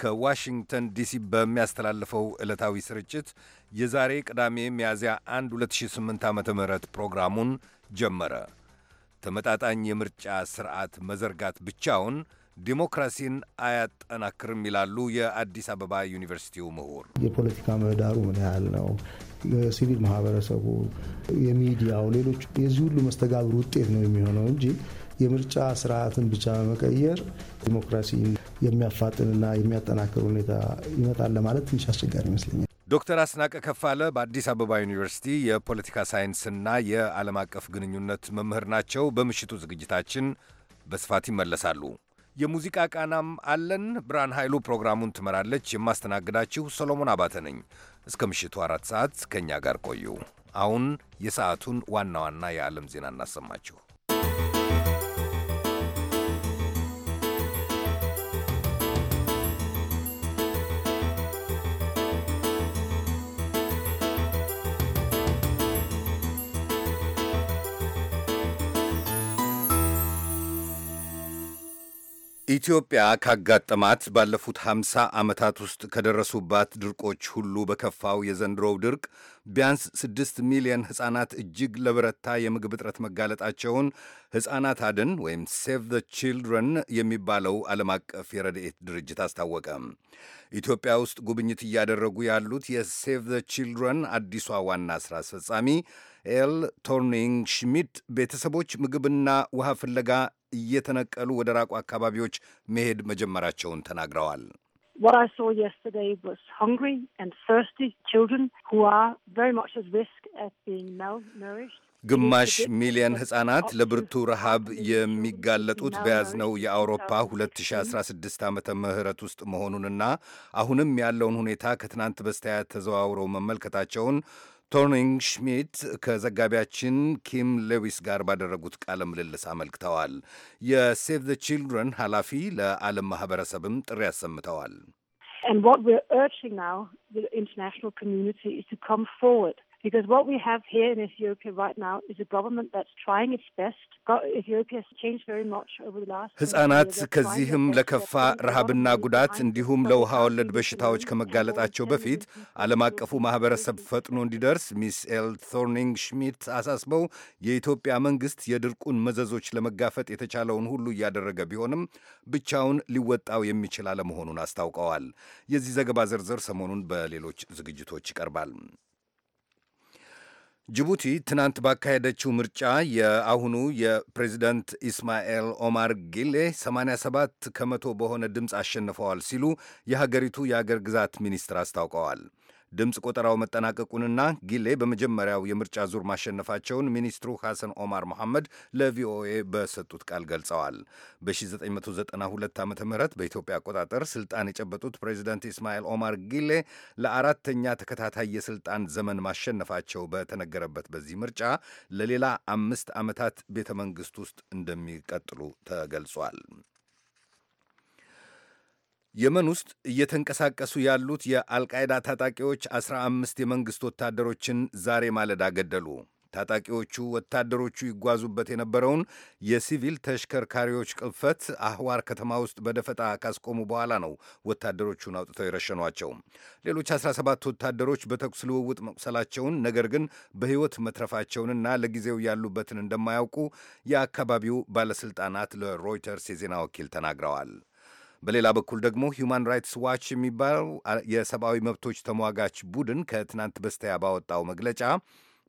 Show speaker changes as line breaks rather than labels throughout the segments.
ከዋሽንግተን ዲሲ በሚያስተላልፈው ዕለታዊ ስርጭት የዛሬ ቅዳሜ ሚያዝያ 1 2008 ዓ ም ፕሮግራሙን ጀመረ። ተመጣጣኝ የምርጫ ስርዓት መዘርጋት ብቻውን ዲሞክራሲን አያጠናክርም ይላሉ የአዲስ አበባ ዩኒቨርሲቲው ምሁር።
የፖለቲካ ምህዳሩ ምን ያህል ነው? ሲቪል ማህበረሰቡ፣ የሚዲያው፣ ሌሎች የዚህ ሁሉ መስተጋብር ውጤት ነው የሚሆነው እንጂ የምርጫ ስርዓትን ብቻ በመቀየር ዲሞክራሲ የሚያፋጥንና የሚያጠናክር ሁኔታ ይመጣል ለማለት ትንሽ አስቸጋሪ ይመስለኛል።
ዶክተር አስናቀ ከፋለ በአዲስ አበባ ዩኒቨርሲቲ የፖለቲካ ሳይንስና የዓለም አቀፍ ግንኙነት መምህር ናቸው። በምሽቱ ዝግጅታችን በስፋት ይመለሳሉ። የሙዚቃ ቃናም አለን። ብርሃን ኃይሉ ፕሮግራሙን ትመራለች። የማስተናግዳችሁ ሰሎሞን አባተ ነኝ። እስከ ምሽቱ አራት ሰዓት ከእኛ ጋር ቆዩ። አሁን የሰዓቱን ዋና ዋና የዓለም ዜና እናሰማችሁ። ኢትዮጵያ ካጋጠማት ባለፉት 50 ዓመታት ውስጥ ከደረሱባት ድርቆች ሁሉ በከፋው የዘንድሮው ድርቅ ቢያንስ 6 ሚሊዮን ሕፃናት እጅግ ለበረታ የምግብ እጥረት መጋለጣቸውን ሕፃናት አድን ወይም ሴቭ ዘ ቺልድረን የሚባለው ዓለም አቀፍ የረድኤት ድርጅት አስታወቀ። ኢትዮጵያ ውስጥ ጉብኝት እያደረጉ ያሉት የሴቭ ዘ ቺልድረን አዲሷ ዋና ሥራ አስፈጻሚ ኤል ቶርኒንግ ሽሚት ቤተሰቦች ምግብና ውሃ ፍለጋ እየተነቀሉ ወደ ራቁ አካባቢዎች መሄድ መጀመራቸውን ተናግረዋል። ግማሽ ሚሊየን ሕፃናት ለብርቱ ረሃብ የሚጋለጡት በያዝነው የአውሮፓ 2016 ዓመተ ምህረት ውስጥ መሆኑንና አሁንም ያለውን ሁኔታ ከትናንት በስቲያ ተዘዋውረው መመልከታቸውን ቶርኒንግ ሽሚት ከዘጋቢያችን ኪም ሌዊስ ጋር ባደረጉት ቃለ ምልልስ አመልክተዋል። የሴቭ ዘ ቺልድረን ኃላፊ ለዓለም ማህበረሰብም ጥሪ አሰምተዋል።
And what we're urging now the international community is to come
forward because what we have here in Ethiopia right now is a government that's trying its best.
Ethiopia has changed very much over the last
ሕጻናት ከዚህም
ለከፋ ረሃብና ጉዳት እንዲሁም ለውሃ ወለድ በሽታዎች ከመጋለጣቸው በፊት ዓለም አቀፉ ማህበረሰብ ፈጥኖ እንዲደርስ ሚስ ኤል ቶርኒንግ ሽሚት አሳስበው የኢትዮጵያ መንግስት የድርቁን መዘዞች ለመጋፈጥ የተቻለውን ሁሉ እያደረገ ቢሆንም ብቻውን ሊወጣው የሚችል አለመሆኑን አስታውቀዋል። የዚህ ዘገባ ዝርዝር ሰሞኑን በሌሎች ዝግጅቶች ይቀርባል። ጅቡቲ ትናንት ባካሄደችው ምርጫ የአሁኑ የፕሬዚደንት ኢስማኤል ኦማር ጊሌ 87 ከመቶ በሆነ ድምፅ አሸንፈዋል ሲሉ የሀገሪቱ የአገር ግዛት ሚኒስትር አስታውቀዋል። ድምፅ ቆጠራው መጠናቀቁንና ጊሌ በመጀመሪያው የምርጫ ዙር ማሸነፋቸውን ሚኒስትሩ ሐሰን ኦማር መሐመድ ለቪኦኤ በሰጡት ቃል ገልጸዋል። በ1992 ዓ ም በኢትዮጵያ አቆጣጠር ስልጣን የጨበጡት ፕሬዚደንት ኢስማኤል ኦማር ጊሌ ለአራተኛ ተከታታይ የስልጣን ዘመን ማሸነፋቸው በተነገረበት በዚህ ምርጫ ለሌላ አምስት ዓመታት ቤተ መንግሥት ውስጥ እንደሚቀጥሉ ተገልጿል። የመን ውስጥ እየተንቀሳቀሱ ያሉት የአልቃይዳ ታጣቂዎች 15 የመንግሥት ወታደሮችን ዛሬ ማለዳ ገደሉ። ታጣቂዎቹ ወታደሮቹ ይጓዙበት የነበረውን የሲቪል ተሽከርካሪዎች ቅልፈት አህዋር ከተማ ውስጥ በደፈጣ ካስቆሙ በኋላ ነው ወታደሮቹን አውጥተው የረሸኗቸው። ሌሎች 17 ወታደሮች በተኩስ ልውውጥ መቁሰላቸውን፣ ነገር ግን በሕይወት መትረፋቸውንና ለጊዜው ያሉበትን እንደማያውቁ የአካባቢው ባለሥልጣናት ለሮይተርስ የዜና ወኪል ተናግረዋል። በሌላ በኩል ደግሞ ሁማን ራይትስ ዋች የሚባለው የሰብአዊ መብቶች ተሟጋች ቡድን ከትናንት በስቲያ ባወጣው መግለጫ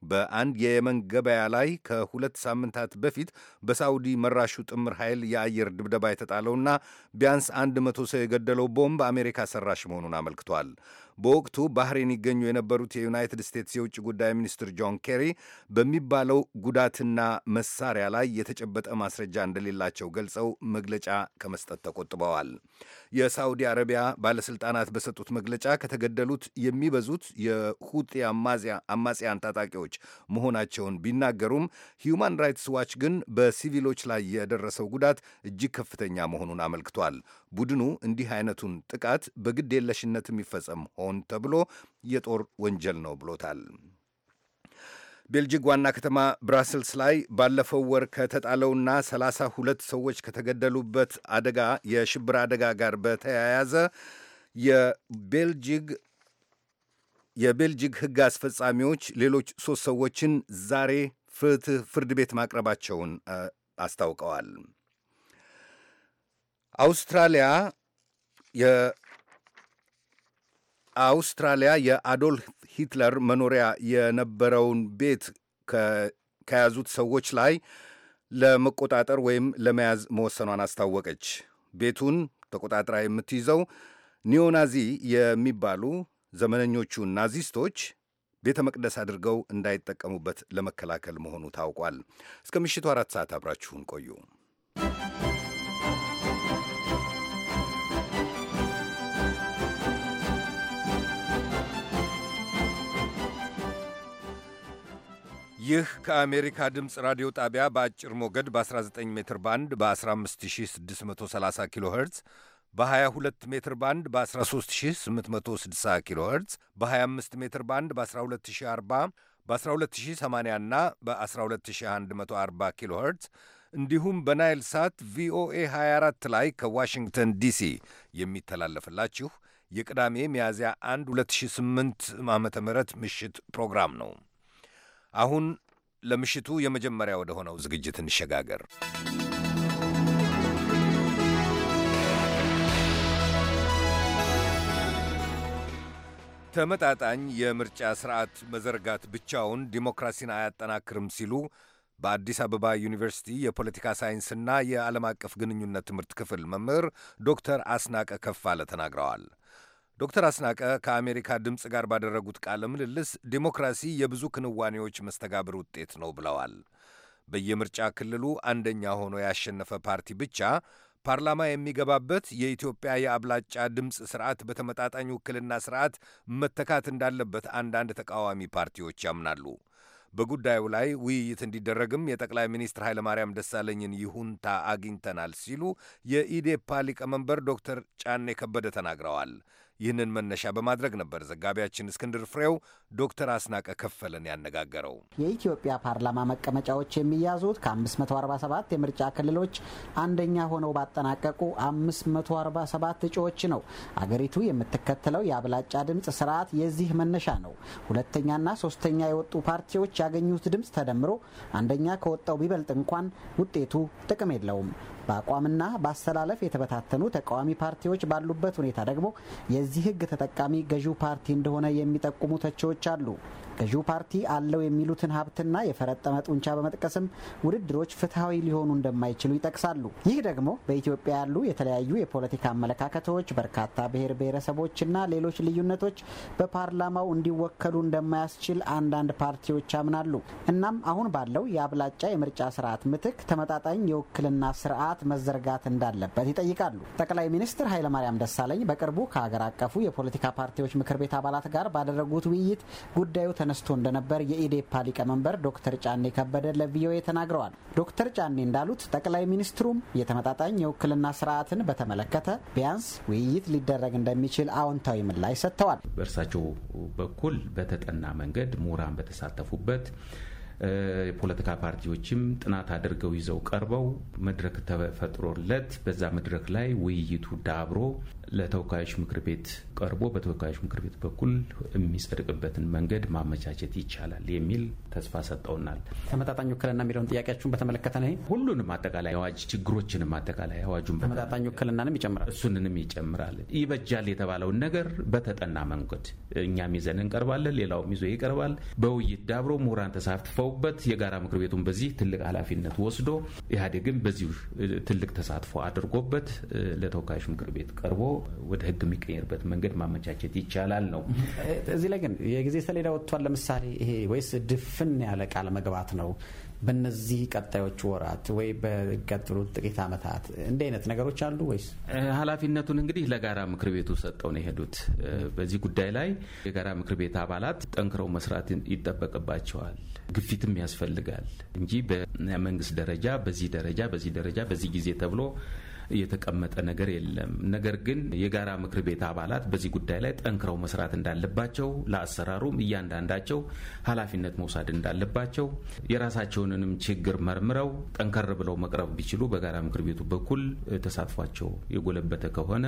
በአንድ የየመን ገበያ ላይ ከሁለት ሳምንታት በፊት በሳውዲ መራሹ ጥምር ኃይል የአየር ድብደባ የተጣለውና ቢያንስ አንድ መቶ ሰው የገደለው ቦምብ አሜሪካ ሰራሽ መሆኑን አመልክቷል። በወቅቱ ባህሬን ይገኙ የነበሩት የዩናይትድ ስቴትስ የውጭ ጉዳይ ሚኒስትር ጆን ኬሪ በሚባለው ጉዳትና መሳሪያ ላይ የተጨበጠ ማስረጃ እንደሌላቸው ገልጸው መግለጫ ከመስጠት ተቆጥበዋል። የሳዑዲ አረቢያ ባለሥልጣናት በሰጡት መግለጫ ከተገደሉት የሚበዙት የሁጢ አማጽያን ታጣቂዎች መሆናቸውን ቢናገሩም ሂዩማን ራይትስ ዋች ግን በሲቪሎች ላይ የደረሰው ጉዳት እጅግ ከፍተኛ መሆኑን አመልክቷል። ቡድኑ እንዲህ አይነቱን ጥቃት በግድ የለሽነት የሚፈጸም ሆን ተብሎ የጦር ወንጀል ነው ብሎታል። ቤልጂግ ዋና ከተማ ብራስልስ ላይ ባለፈው ወር ከተጣለውና ሰላሳ ሁለት ሰዎች ከተገደሉበት አደጋ የሽብር አደጋ ጋር በተያያዘ የቤልጅግ የቤልጂክ ሕግ አስፈጻሚዎች ሌሎች ሦስት ሰዎችን ዛሬ ፍትህ ፍርድ ቤት ማቅረባቸውን አስታውቀዋል። አውስትራሊያ አውስትራሊያ የአዶልፍ ሂትለር መኖሪያ የነበረውን ቤት ከያዙት ሰዎች ላይ ለመቆጣጠር ወይም ለመያዝ መወሰኗን አስታወቀች። ቤቱን ተቆጣጥራ የምትይዘው ኒዮናዚ የሚባሉ ዘመነኞቹ ናዚስቶች ቤተ መቅደስ አድርገው እንዳይጠቀሙበት ለመከላከል መሆኑ ታውቋል። እስከ ምሽቱ አራት ሰዓት አብራችሁን ቆዩ። ይህ ከአሜሪካ ድምፅ ራዲዮ ጣቢያ በአጭር ሞገድ በ19 ሜትር ባንድ በ15630 ኪሎ ኸርትዝ በ22 ሜትር ባንድ በ13860 ኪሎ ኸርትዝ በ25 ሜትር ባንድ በ12040 በ12080 እና በ12140 ኪሎ ኸርትዝ እንዲሁም በናይል ሳት ቪኦኤ 24 ላይ ከዋሽንግተን ዲሲ የሚተላለፍላችሁ የቅዳሜ ሚያዝያ 1 2008 ዓ ም ምሽት ፕሮግራም ነው። አሁን ለምሽቱ የመጀመሪያ ወደ ሆነው ዝግጅት እንሸጋገር። ተመጣጣኝ የምርጫ ስርዓት መዘርጋት ብቻውን ዲሞክራሲን አያጠናክርም ሲሉ በአዲስ አበባ ዩኒቨርሲቲ የፖለቲካ ሳይንስና የዓለም አቀፍ ግንኙነት ትምህርት ክፍል መምህር ዶክተር አስናቀ ከፋለ ተናግረዋል። ዶክተር አስናቀ ከአሜሪካ ድምፅ ጋር ባደረጉት ቃለ ምልልስ ዲሞክራሲ የብዙ ክንዋኔዎች መስተጋብር ውጤት ነው ብለዋል። በየምርጫ ክልሉ አንደኛ ሆኖ ያሸነፈ ፓርቲ ብቻ ፓርላማ የሚገባበት የኢትዮጵያ የአብላጫ ድምፅ ስርዓት በተመጣጣኝ ውክልና ስርዓት መተካት እንዳለበት አንዳንድ ተቃዋሚ ፓርቲዎች ያምናሉ። በጉዳዩ ላይ ውይይት እንዲደረግም የጠቅላይ ሚኒስትር ኃይለማርያም ደሳለኝን ይሁንታ አግኝተናል ሲሉ የኢዴፓ ሊቀመንበር ዶክተር ጫኔ ከበደ ተናግረዋል። ይህንን መነሻ በማድረግ ነበር ዘጋቢያችን እስክንድር ፍሬው ዶክተር አስናቀ ከፈለን ያነጋገረው
የኢትዮጵያ ፓርላማ መቀመጫዎች የሚያዙት ከ547 የምርጫ ክልሎች አንደኛ ሆነው ባጠናቀቁ 547 እጩዎች ነው። አገሪቱ የምትከተለው የአብላጫ ድምፅ ስርዓት የዚህ መነሻ ነው። ሁለተኛና ሶስተኛ የወጡ ፓርቲዎች ያገኙት ድምፅ ተደምሮ አንደኛ ከወጣው ቢበልጥ እንኳን ውጤቱ ጥቅም የለውም። በአቋምና በአሰላለፍ የተበታተኑ ተቃዋሚ ፓርቲዎች ባሉበት ሁኔታ ደግሞ የዚህ ህግ ተጠቃሚ ገዢው ፓርቲ እንደሆነ የሚጠቁሙ ተቺዎች አሉ። ገዢው ፓርቲ አለው የሚሉትን ሀብትና የፈረጠመ ጡንቻ በመጥቀስም ውድድሮች ፍትሐዊ ሊሆኑ እንደማይችሉ ይጠቅሳሉ። ይህ ደግሞ በኢትዮጵያ ያሉ የተለያዩ የፖለቲካ አመለካከቶች፣ በርካታ ብሔር ብሔረሰቦችና ሌሎች ልዩነቶች በፓርላማው እንዲወከሉ እንደማያስችል አንዳንድ ፓርቲዎች ያምናሉ። እናም አሁን ባለው የአብላጫ የምርጫ ስርዓት ምትክ ተመጣጣኝ የውክልና ስርዓት መዘርጋት እንዳለበት ይጠይቃሉ። ጠቅላይ ሚኒስትር ኃይለማርያም ደሳለኝ በቅርቡ ከሀገር አቀፉ የፖለቲካ ፓርቲዎች ምክር ቤት አባላት ጋር ባደረጉት ውይይት ጉዳዩ ተነስቶ እንደነበር የኢዴፓ ሊቀመንበር ዶክተር ጫኔ ከበደ ለቪኦኤ ተናግረዋል። ዶክተር ጫኔ እንዳሉት ጠቅላይ ሚኒስትሩም የተመጣጣኝ የውክልና ስርዓትን በተመለከተ ቢያንስ ውይይት ሊደረግ እንደሚችል አዎንታዊ ምላሽ ሰጥተዋል።
በእርሳቸው በኩል በተጠና መንገድ ምሁራን በተሳተፉበት የፖለቲካ ፓርቲዎችም ጥናት አድርገው ይዘው ቀርበው መድረክ ተፈጥሮለት በዛ መድረክ ላይ ውይይቱ ዳብሮ ለተወካዮች ምክር ቤት ቀርቦ በተወካዮች ምክር ቤት በኩል የሚጸድቅበትን መንገድ ማመቻቸት ይቻላል የሚል ተስፋ ሰጠውናል። ተመጣጣኝ ውክልና የሚለውን ጥያቄያችሁን በተመለከተ ነ ሁሉንም አጠቃላይ አዋጅ ችግሮችንም አጠቃላይ አዋጁን ተመጣጣኝ ውክልናንም ይጨምራል፣ እሱንንም ይጨምራል። ይበጃል የተባለውን ነገር በተጠና መንገድ እኛም ይዘን እንቀርባለን፣ ሌላውም ይዞ ይቀርባል። በውይይት ዳብሮ ምሁራን ተሳትፈውበት የጋራ ምክር ቤቱን በዚህ ትልቅ ኃላፊነት ወስዶ ኢህአዴግም በዚሁ ትልቅ ተሳትፎ አድርጎበት ለተወካዮች ምክር ቤት ቀርቦ ወደ ህግ የሚቀየርበት መንገድ ማመቻቸት ይቻላል ነው።
እዚህ ላይ ግን የጊዜ ሰሌዳ ወጥቷል። ለምሳሌ ይሄ ወይስ ድፍን ያለ ቃል መግባት ነው? በነዚህ ቀጣዮች ወራት ወይ በቀጥሉት ጥቂት ዓመታት እንዲህ አይነት ነገሮች አሉ ወይስ?
ኃላፊነቱን እንግዲህ ለጋራ ምክር ቤቱ ሰጠው ነው የሄዱት። በዚህ ጉዳይ ላይ የጋራ ምክር ቤት አባላት ጠንክረው መስራት ይጠበቅባቸዋል። ግፊትም ያስፈልጋል እንጂ በመንግስት ደረጃ በዚህ ደረጃ በዚህ ደረጃ በዚህ ጊዜ ተብሎ የተቀመጠ ነገር የለም። ነገር ግን የጋራ ምክር ቤት አባላት በዚህ ጉዳይ ላይ ጠንክረው መስራት እንዳለባቸው፣ ለአሰራሩም እያንዳንዳቸው ኃላፊነት መውሰድ እንዳለባቸው፣ የራሳቸውንም ችግር መርምረው ጠንከር ብለው መቅረብ ቢችሉ በጋራ ምክር ቤቱ በኩል ተሳትፏቸው የጎለበተ ከሆነ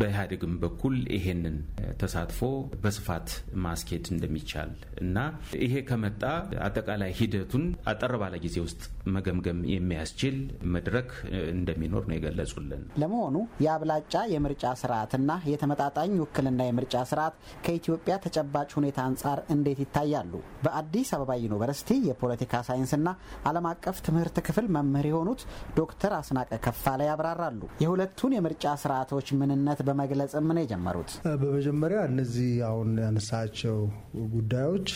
በኢህአዴግም በኩል ይሄንን ተሳትፎ በስፋት ማስኬድ እንደሚቻል እና ይሄ ከመጣ አጠቃላይ ሂደቱን አጠር ባለ ጊዜ ውስጥ መገምገም የሚያስችል መድረክ እንደሚኖር ነው የገለጹ። ገለጹልን።
ለመሆኑ የአብላጫ የምርጫ ስርዓትና የተመጣጣኝ ውክልና የምርጫ ስርዓት ከኢትዮጵያ ተጨባጭ ሁኔታ አንጻር እንዴት ይታያሉ? በአዲስ አበባ ዩኒቨርሲቲ የፖለቲካ ሳይንስና ዓለም አቀፍ ትምህርት ክፍል መምህር የሆኑት ዶክተር አስናቀ ከፋለ ያብራራሉ። የሁለቱን የምርጫ ስርዓቶች ምንነት በመግለጽም ነው
የጀመሩት። በመጀመሪያ እነዚህ አሁን ያነሳቸው ጉዳዮች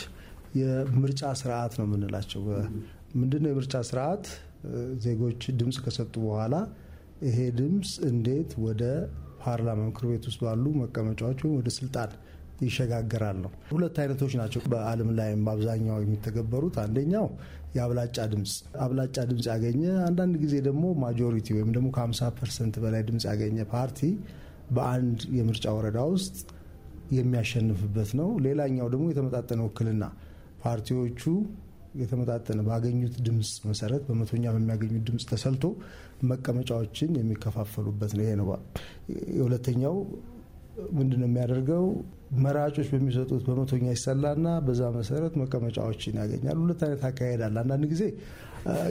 የምርጫ ስርዓት ነው የምንላቸው። ምንድነው የምርጫ ስርዓት? ዜጎች ድምፅ ከሰጡ በኋላ ይሄ ድምፅ እንዴት ወደ ፓርላማ ምክር ቤት ውስጥ ባሉ መቀመጫዎች ወይም ወደ ስልጣን ይሸጋገራል ነው። ሁለት አይነቶች ናቸው በዓለም ላይም በአብዛኛው የሚተገበሩት። አንደኛው የአብላጫ ድምፅ አብላጫ ድምፅ ያገኘ አንዳንድ ጊዜ ደግሞ ማጆሪቲ ወይም ደግሞ ከ50 ፐርሰንት በላይ ድምፅ ያገኘ ፓርቲ በአንድ የምርጫ ወረዳ ውስጥ የሚያሸንፍበት ነው። ሌላኛው ደግሞ የተመጣጠነ ውክልና ፓርቲዎቹ የተመጣጠነ ባገኙት ድምፅ መሰረት በመቶኛ በሚያገኙት ድምፅ ተሰልቶ መቀመጫዎችን የሚከፋፈሉበት ነው። ይሄ ነው የሁለተኛው ምንድን ነው የሚያደርገው? መራጮች በሚሰጡት በመቶኛ ይሰላና በዛ መሰረት መቀመጫዎችን ያገኛል። ሁለት አይነት አካሄድ አለ። አንዳንድ ጊዜ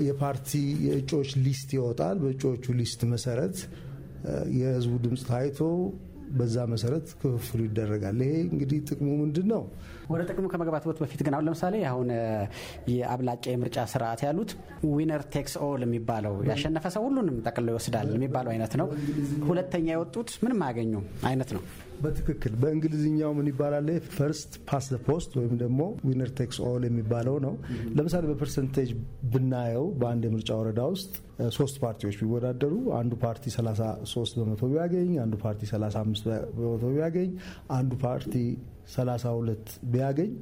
የፓርቲ የእጩዎች ሊስት ይወጣል። በእጩዎቹ ሊስት መሰረት የህዝቡ ድምፅ ታይቶ በዛ መሰረት ክፍፍሉ ይደረጋል። ይሄ እንግዲህ ጥቅሙ ምንድን ነው? ወደ ጥቅሙ ከመግባት በፊት ግን አሁን ለምሳሌ
አሁን የአብላጫ የምርጫ ስርዓት ያሉት ዊነር ቴክስ ኦል የሚባለው ያሸነፈ ሰው ሁሉንም ጠቅሎ ይወስዳል የሚባለው አይነት ነው። ሁለተኛ የወጡት ምንም አያገኙም አይነት ነው።
በትክክል በእንግሊዝኛው ምን ይባላል? ፈርስት ፓስ ፖስት ወይም ደግሞ ዊነር ቴክስ ኦል የሚባለው ነው። ለምሳሌ በፐርሰንቴጅ ብናየው በአንድ የምርጫ ወረዳ ውስጥ ሶስት ፓርቲዎች ቢወዳደሩ አንዱ ፓርቲ 33 በመቶ ቢያገኝ፣ አንዱ ፓርቲ 35 በመቶ ቢያገኝ፣ አንዱ ፓርቲ 32 ቢያገኝ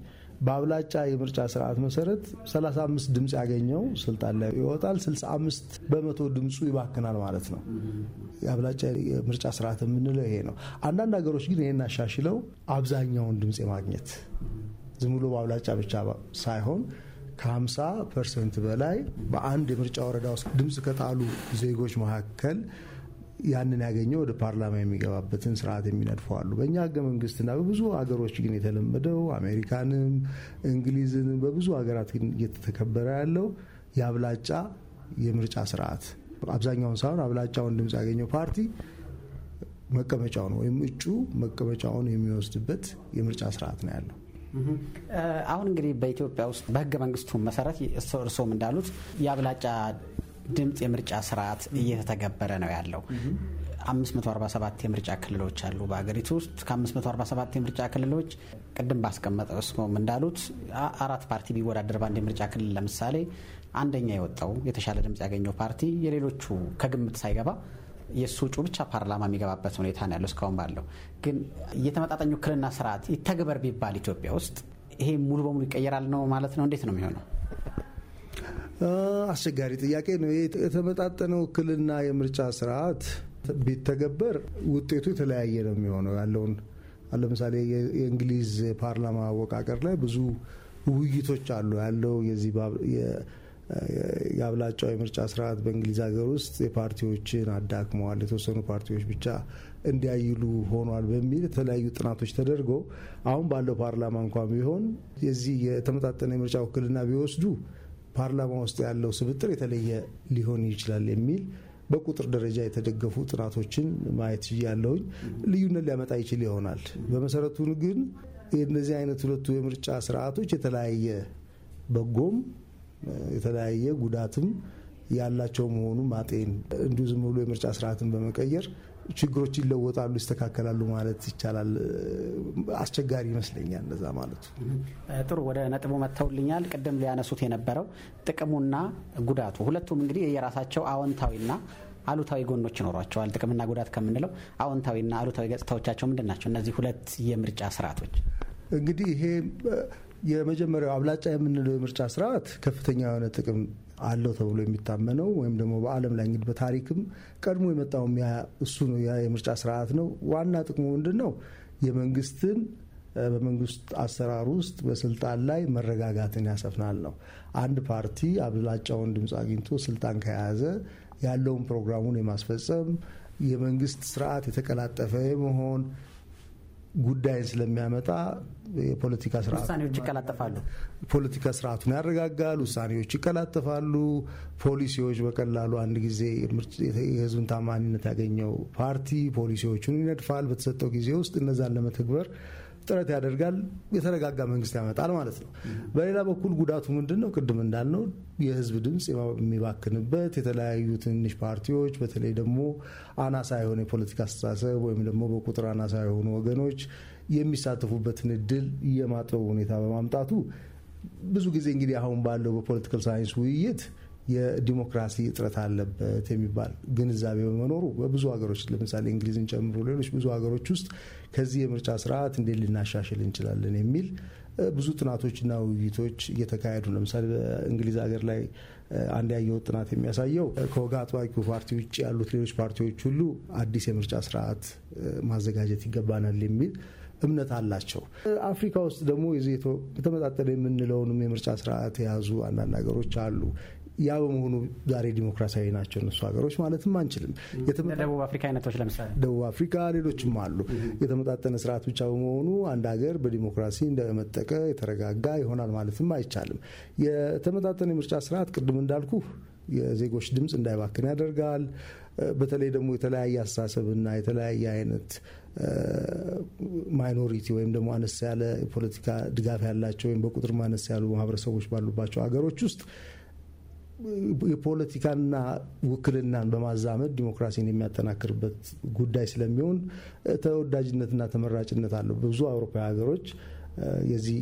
በአብላጫ የምርጫ ስርዓት መሰረት 35 ድምፅ ያገኘው ስልጣን ላይ ይወጣል። 65 በመቶ ድምፁ ይባክናል ማለት ነው። የአብላጫ የምርጫ ስርዓት የምንለው ይሄ ነው። አንዳንድ ሀገሮች ግን ይሄን አሻሽለው አብዛኛውን ድምፅ የማግኘት ዝም ብሎ በአብላጫ ብቻ ሳይሆን ከ50 ፐርሰንት በላይ በአንድ የምርጫ ወረዳ ውስጥ ድምፅ ከጣሉ ዜጎች መካከል ያንን ያገኘው ወደ ፓርላማ የሚገባበትን ስርዓት የሚነድፉ አሉ። በእኛ ህገ መንግስትና በብዙ ሀገሮች ግን የተለመደው አሜሪካንም እንግሊዝንም በብዙ ሀገራት ግን እየተከበረ ያለው የአብላጫ የምርጫ ስርዓት አብዛኛውን ሳይሆን አብላጫውን ድምፅ ያገኘው ፓርቲ መቀመጫውን ወይም እጩ መቀመጫውን የሚወስድበት የምርጫ ስርዓት ነው ያለው።
አሁን እንግዲህ በኢትዮጵያ ውስጥ በህገ መንግስቱ መሰረት እርስዎም እንዳሉት የአብላጫ ድምፅ የምርጫ ስርዓት እየተተገበረ ነው ያለው። 547 የምርጫ ክልሎች አሉ በሀገሪቱ ውስጥ። ከ547 የምርጫ ክልሎች ቅድም ባስቀመጠው እስሞም እንዳሉት አራት ፓርቲ ቢወዳደር በአንድ የምርጫ ክልል ለምሳሌ አንደኛ የወጣው የተሻለ ድምፅ ያገኘው ፓርቲ የሌሎቹ ከግምት ሳይገባ የእሱ እጩ ብቻ ፓርላማ የሚገባበት ሁኔታ ነው ያለው። እስካሁን ባለው ግን የተመጣጣኝ ውክልና ስርዓት ይተግበር ቢባል ኢትዮጵያ ውስጥ ይሄ ሙሉ በሙሉ ይቀየራል ነው ማለት ነው? እንዴት ነው የሚሆነው?
አስቸጋሪ ጥያቄ ነው። የተመጣጠነ ውክልና የምርጫ ስርዓት ቢተገበር ውጤቱ የተለያየ ነው የሚሆነው ያለውን ለምሳሌ የእንግሊዝ ፓርላማ አወቃቀር ላይ ብዙ ውይይቶች አሉ። ያለው የዚህ የአብላጫው የምርጫ ስርዓት በእንግሊዝ ሀገር ውስጥ የፓርቲዎችን አዳክመዋል፣ የተወሰኑ ፓርቲዎች ብቻ እንዲያይሉ ሆኗል በሚል የተለያዩ ጥናቶች ተደርጎ አሁን ባለው ፓርላማ እንኳን ቢሆን የዚህ የተመጣጠነ የምርጫ ውክልና ቢወስዱ ፓርላማ ውስጥ ያለው ስብጥር የተለየ ሊሆን ይችላል የሚል በቁጥር ደረጃ የተደገፉ ጥናቶችን ማየት ያለውኝ ልዩነት ሊያመጣ ይችል ይሆናል። በመሰረቱ ግን የእነዚህ አይነት ሁለቱ የምርጫ ስርዓቶች የተለያየ በጎም የተለያየ ጉዳትም ያላቸው መሆኑ ማጤን እንዲሁ ዝም ብሎ የምርጫ ስርዓትን በመቀየር ችግሮች ይለወጣሉ፣ ይስተካከላሉ ማለት ይቻላል። አስቸጋሪ ይመስለኛል እነዛ ማለቱ።
ጥሩ ወደ ነጥቡ መጥተውልኛል። ቅድም ሊያነሱት የነበረው ጥቅሙና ጉዳቱ ሁለቱም እንግዲህ የራሳቸው አዎንታዊና አሉታዊ ጎኖች ይኖሯቸዋል። ጥቅምና ጉዳት ከምንለው አዎንታዊና አሉታዊ ገጽታዎቻቸው ምንድን ናቸው? እነዚህ ሁለት የምርጫ ስርዓቶች
እንግዲህ ይሄ የመጀመሪያው አብላጫ የምንለው የምርጫ ስርዓት ከፍተኛ የሆነ ጥቅም አለው ተብሎ የሚታመነው ወይም ደግሞ በዓለም ላይ እንግዲህ በታሪክም ቀድሞ የመጣው እሱ ነው የምርጫ ስርዓት ነው። ዋና ጥቅሙ ምንድን ነው? የመንግስትን በመንግስት አሰራር ውስጥ በስልጣን ላይ መረጋጋትን ያሰፍናል ነው። አንድ ፓርቲ አብላጫውን ድምፅ አግኝቶ ስልጣን ከያዘ ያለውን ፕሮግራሙን የማስፈጸም የመንግስት ስርዓት የተቀላጠፈ የመሆን ጉዳይን ስለሚያመጣ የፖለቲካ ስርዓት ይቀላጠፋሉ፣ ፖለቲካ ስርዓቱን ያረጋጋል፣ ውሳኔዎች ይቀላጠፋሉ፣ ፖሊሲዎች በቀላሉ አንድ ጊዜ የህዝብን ታማኝነት ያገኘው ፓርቲ ፖሊሲዎቹን ይነድፋል። በተሰጠው ጊዜ ውስጥ እነዛን ለመተግበር ጥረት ያደርጋል፣ የተረጋጋ መንግስት ያመጣል ማለት ነው። በሌላ በኩል ጉዳቱ ምንድን ነው? ቅድም እንዳልነው የህዝብ ድምፅ የሚባክንበት የተለያዩ ትንንሽ ፓርቲዎች፣ በተለይ ደግሞ አናሳ የሆነ የፖለቲካ አስተሳሰብ ወይም ደግሞ በቁጥር አናሳ የሆኑ ወገኖች የሚሳተፉበትን እድል የማጥበብ ሁኔታ በማምጣቱ ብዙ ጊዜ እንግዲህ አሁን ባለው በፖለቲካል ሳይንስ ውይይት የዲሞክራሲ እጥረት አለበት የሚባል ግንዛቤ በመኖሩ በብዙ ሀገሮች ለምሳሌ እንግሊዝን ጨምሮ ሌሎች ብዙ ሀገሮች ውስጥ ከዚህ የምርጫ ስርዓት እንዴት ልናሻሽል እንችላለን የሚል ብዙ ጥናቶችና ውይይቶች እየተካሄዱ ለምሳሌ በእንግሊዝ ሀገር ላይ አንድ ያየሁት ጥናት የሚያሳየው ከወግ አጥባቂው ፓርቲ ውጭ ያሉት ሌሎች ፓርቲዎች ሁሉ አዲስ የምርጫ ስርዓት ማዘጋጀት ይገባናል የሚል እምነት አላቸው። አፍሪካ ውስጥ ደግሞ የተመጣጠነ የምንለውንም የምርጫ ስርዓት የያዙ አንዳንድ ሀገሮች አሉ። ያ በመሆኑ ዛሬ ዲሞክራሲያዊ ናቸው እነሱ ሀገሮች ማለትም አንችልም። ደቡብ አፍሪካ አይነቶች ለምሳሌ ደቡብ አፍሪካ፣ ሌሎችም አሉ። የተመጣጠነ ስርዓት ብቻ በመሆኑ አንድ ሀገር በዲሞክራሲ እንደመጠቀ የተረጋጋ ይሆናል ማለትም አይቻልም። የተመጣጠነ የምርጫ ስርዓት ቅድም እንዳልኩ የዜጎች ድምፅ እንዳይባክን ያደርጋል። በተለይ ደግሞ የተለያየ አስተሳሰብና የተለያየ አይነት ማይኖሪቲ ወይም ደግሞ አነስ ያለ ፖለቲካ ድጋፍ ያላቸው ወይም በቁጥር ማነስ ያሉ ማህበረሰቦች ባሉባቸው ሀገሮች ውስጥ የፖለቲካና ውክልናን በማዛመድ ዲሞክራሲን የሚያጠናክርበት ጉዳይ ስለሚሆን ተወዳጅነትና ተመራጭነት አለው። ብዙ አውሮፓዊ ሀገሮች የዚህ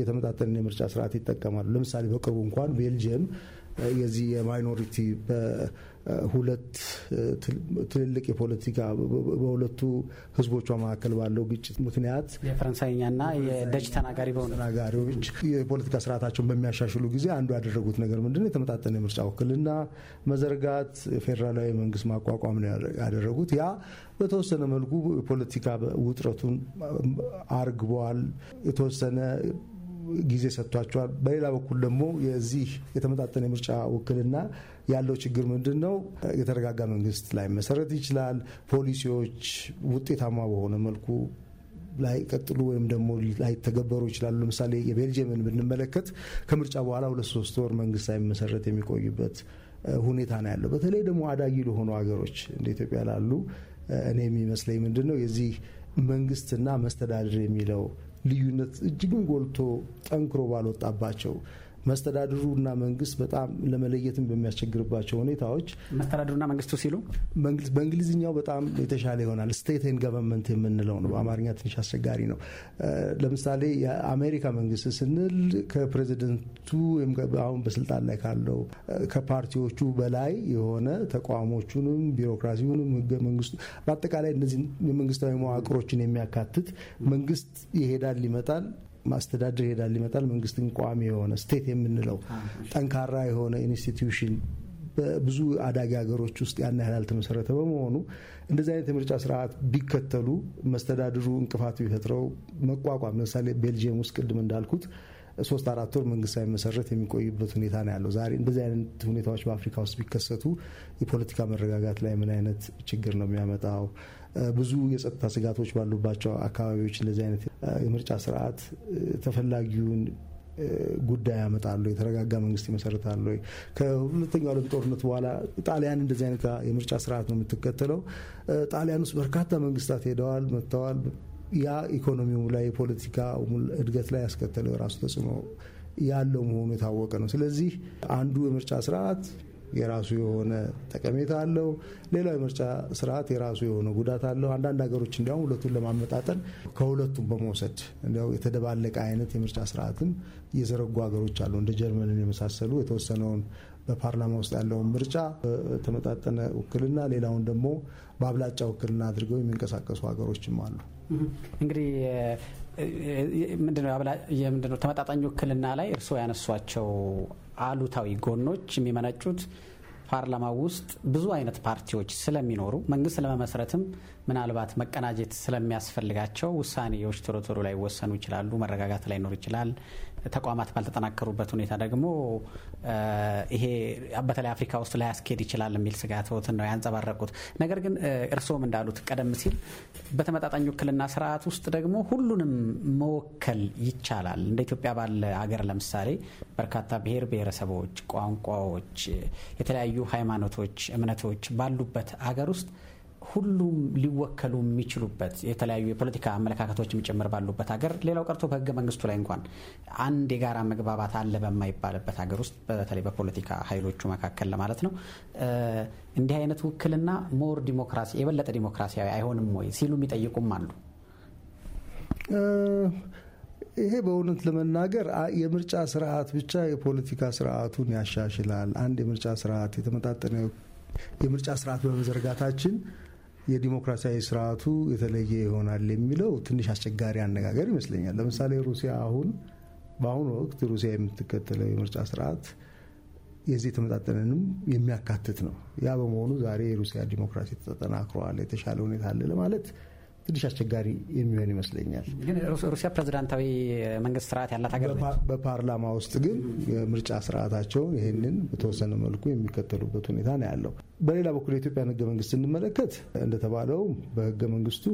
የተመጣጠነ የምርጫ ስርዓት ይጠቀማሉ። ለምሳሌ በቅርቡ እንኳን ቤልጅየም የዚህ የማይኖሪቲ ሁለት ትልልቅ የፖለቲካ በሁለቱ ህዝቦቿ መካከል ባለው ግጭት ምክንያት የፈረንሳይኛና የደጅ ተናጋሪ ተናጋሪዎች የፖለቲካ ስርዓታቸውን በሚያሻሽሉ ጊዜ አንዱ ያደረጉት ነገር ምንድነው? የተመጣጠነ የምርጫ ውክልና መዘርጋት፣ ፌዴራላዊ መንግስት ማቋቋም ነው ያደረጉት። ያ በተወሰነ መልኩ የፖለቲካ ውጥረቱን አርግቧል። የተወሰነ ጊዜ ሰጥቷቸዋል። በሌላ በኩል ደግሞ የዚህ የተመጣጠነ የምርጫ ውክልና ያለው ችግር ምንድን ነው? የተረጋጋ መንግስት ላይ መሰረት ይችላል። ፖሊሲዎች ውጤታማ በሆነ መልኩ ላይቀጥሉ ወይም ደግሞ ላይተገበሩ ይችላሉ። ለምሳሌ የቤልጅየምን ብንመለከት ከምርጫ በኋላ ሁለት ሶስት ወር መንግስት መሰረት የሚቆይበት ሁኔታ ነው ያለው። በተለይ ደግሞ አዳጊ ለሆኑ ሀገሮች እንደ ኢትዮጵያ ላሉ እኔ የሚመስለኝ ምንድን ነው የዚህ መንግስትና መስተዳድር የሚለው ልዩነት እጅግም ጎልቶ ጠንክሮ ባልወጣባቸው መስተዳድሩና መንግስት በጣም ለመለየትን በሚያስቸግርባቸው ሁኔታዎች መስተዳድሩና መንግስቱ ሲሉ በእንግሊዝኛው በጣም የተሻለ ይሆናል። ስቴትን ገቨርንመንት የምንለው ነው። በአማርኛ ትንሽ አስቸጋሪ ነው። ለምሳሌ የአሜሪካ መንግስት ስንል ከፕሬዚደንቱ አሁን በስልጣን ላይ ካለው ከፓርቲዎቹ በላይ የሆነ ተቋሞቹንም፣ ቢሮክራሲውንም፣ ህገ መንግስቱ በአጠቃላይ እነዚህ የመንግስታዊ መዋቅሮችን የሚያካትት መንግስት ይሄዳል ይመጣል ማስተዳደር ይሄዳል ይመጣል። መንግስትን ቋሚ የሆነ ስቴት የምንለው ጠንካራ የሆነ ኢንስቲትዩሽን በብዙ አዳጊ ሀገሮች ውስጥ ያን ያህል አልተመሰረተ በመሆኑ እንደዚህ አይነት የምርጫ ስርዓት ቢከተሉ መስተዳድሩ እንቅፋት ቢፈጥረው መቋቋም ለምሳሌ ቤልጅየም ውስጥ ቅድም እንዳልኩት ሶስት አራት ወር መንግስት ሳይመሰረት የሚቆይበት ሁኔታ ነው ያለው። ዛሬ እንደዚህ አይነት ሁኔታዎች በአፍሪካ ውስጥ ቢከሰቱ የፖለቲካ መረጋጋት ላይ ምን አይነት ችግር ነው የሚያመጣው? ብዙ የጸጥታ ስጋቶች ባሉባቸው አካባቢዎች እንደዚህ አይነት የምርጫ ስርዓት ተፈላጊውን ጉዳይ ያመጣሉ? የተረጋጋ መንግስት ይመሰረታሉ ወይ? ከሁለተኛው ዓለም ጦርነት በኋላ ጣሊያን እንደዚህ አይነት የምርጫ ስርዓት ነው የምትከተለው። ጣሊያን ውስጥ በርካታ መንግስታት ሄደዋል፣ መጥተዋል። ያ ኢኮኖሚው ላይ የፖለቲካ እድገት ላይ ያስከተለው የራሱ ተጽዕኖ ያለው መሆኑ የታወቀ ነው። ስለዚህ አንዱ የምርጫ ስርዓት የራሱ የሆነ ጠቀሜታ አለው። ሌላው የምርጫ ስርዓት የራሱ የሆነ ጉዳት አለው። አንዳንድ ሀገሮች እንዲያውም ሁለቱን ለማመጣጠን ከሁለቱም በመውሰድ እንዲያው የተደባለቀ አይነት የምርጫ ስርዓትም የዘረጉ ሀገሮች አሉ። እንደ ጀርመንን የመሳሰሉ የተወሰነውን በፓርላማ ውስጥ ያለውን ምርጫ ተመጣጠነ ውክልና፣ ሌላውን ደግሞ በአብላጫ ውክልና አድርገው የሚንቀሳቀሱ ሀገሮችም አሉ።
እንግዲህ ምንድነው ተመጣጣኝ ውክልና ላይ እርስዎ ያነሷቸው አሉታዊ ጎኖች የሚመነጩት ፓርላማ ውስጥ ብዙ አይነት ፓርቲዎች ስለሚኖሩ መንግስት ለመመስረትም ምናልባት መቀናጀት ስለሚያስፈልጋቸው ውሳኔዎች ቶሎ ቶሎ ላይ ወሰኑ ይችላሉ፣ መረጋጋት ላይኖር ይችላል፣ ተቋማት ባልተጠናከሩበት ሁኔታ ደግሞ ይሄ በተለይ አፍሪካ ውስጥ ላያስኬድ ይችላል የሚል ስጋትን ነው ያንጸባረቁት። ነገር ግን እርስዎም እንዳሉት ቀደም ሲል በተመጣጣኝ ውክልና ስርዓት ውስጥ ደግሞ ሁሉንም መወከል ይቻላል። እንደ ኢትዮጵያ ባለ አገር ለምሳሌ በርካታ ብሔር ብሔረሰቦች፣ ቋንቋዎች፣ የተለያዩ ሃይማኖቶች፣ እምነቶች ባሉበት አገር ውስጥ ሁሉም ሊወከሉ የሚችሉበት የተለያዩ የፖለቲካ አመለካከቶች ጭምር ባሉበት ሀገር ሌላው ቀርቶ በህገ መንግስቱ ላይ እንኳን አንድ የጋራ መግባባት አለ በማይባልበት ሀገር ውስጥ በተለይ በፖለቲካ ኃይሎቹ መካከል ለማለት ነው እንዲህ አይነት ውክልና ሞር ዲሞክራሲ የበለጠ ዲሞክራሲያዊ አይሆንም ወይ ሲሉ የሚጠይቁም አሉ።
ይሄ በእውነት ለመናገር የምርጫ ስርዓት ብቻ የፖለቲካ ስርዓቱን ያሻሽላል። አንድ የምርጫ ስርዓት የተመጣጠነ የምርጫ ስርዓት በመዘርጋታችን የዲሞክራሲያዊ ስርዓቱ የተለየ ይሆናል የሚለው ትንሽ አስቸጋሪ አነጋገር ይመስለኛል። ለምሳሌ ሩሲያ አሁን በአሁኑ ወቅት ሩሲያ የምትከተለው የምርጫ ስርዓት የዚህ የተመጣጠነንም የሚያካትት ነው። ያ በመሆኑ ዛሬ የሩሲያ ዲሞክራሲ ተጠናክረዋል፣ የተሻለ ሁኔታ አለ ለማለት ትንሽ አስቸጋሪ የሚሆን ይመስለኛል።
ግን ሩሲያ ፕሬዚዳንታዊ መንግስት ስርዓት ያላት ሀገር ነች።
በፓርላማ ውስጥ ግን የምርጫ ስርዓታቸውን ይህንን በተወሰነ መልኩ የሚከተሉበት ሁኔታ ነው ያለው። በሌላ በኩል የኢትዮጵያን ህገ መንግስት ስንመለከት እንደተባለውም በህገ መንግስቱ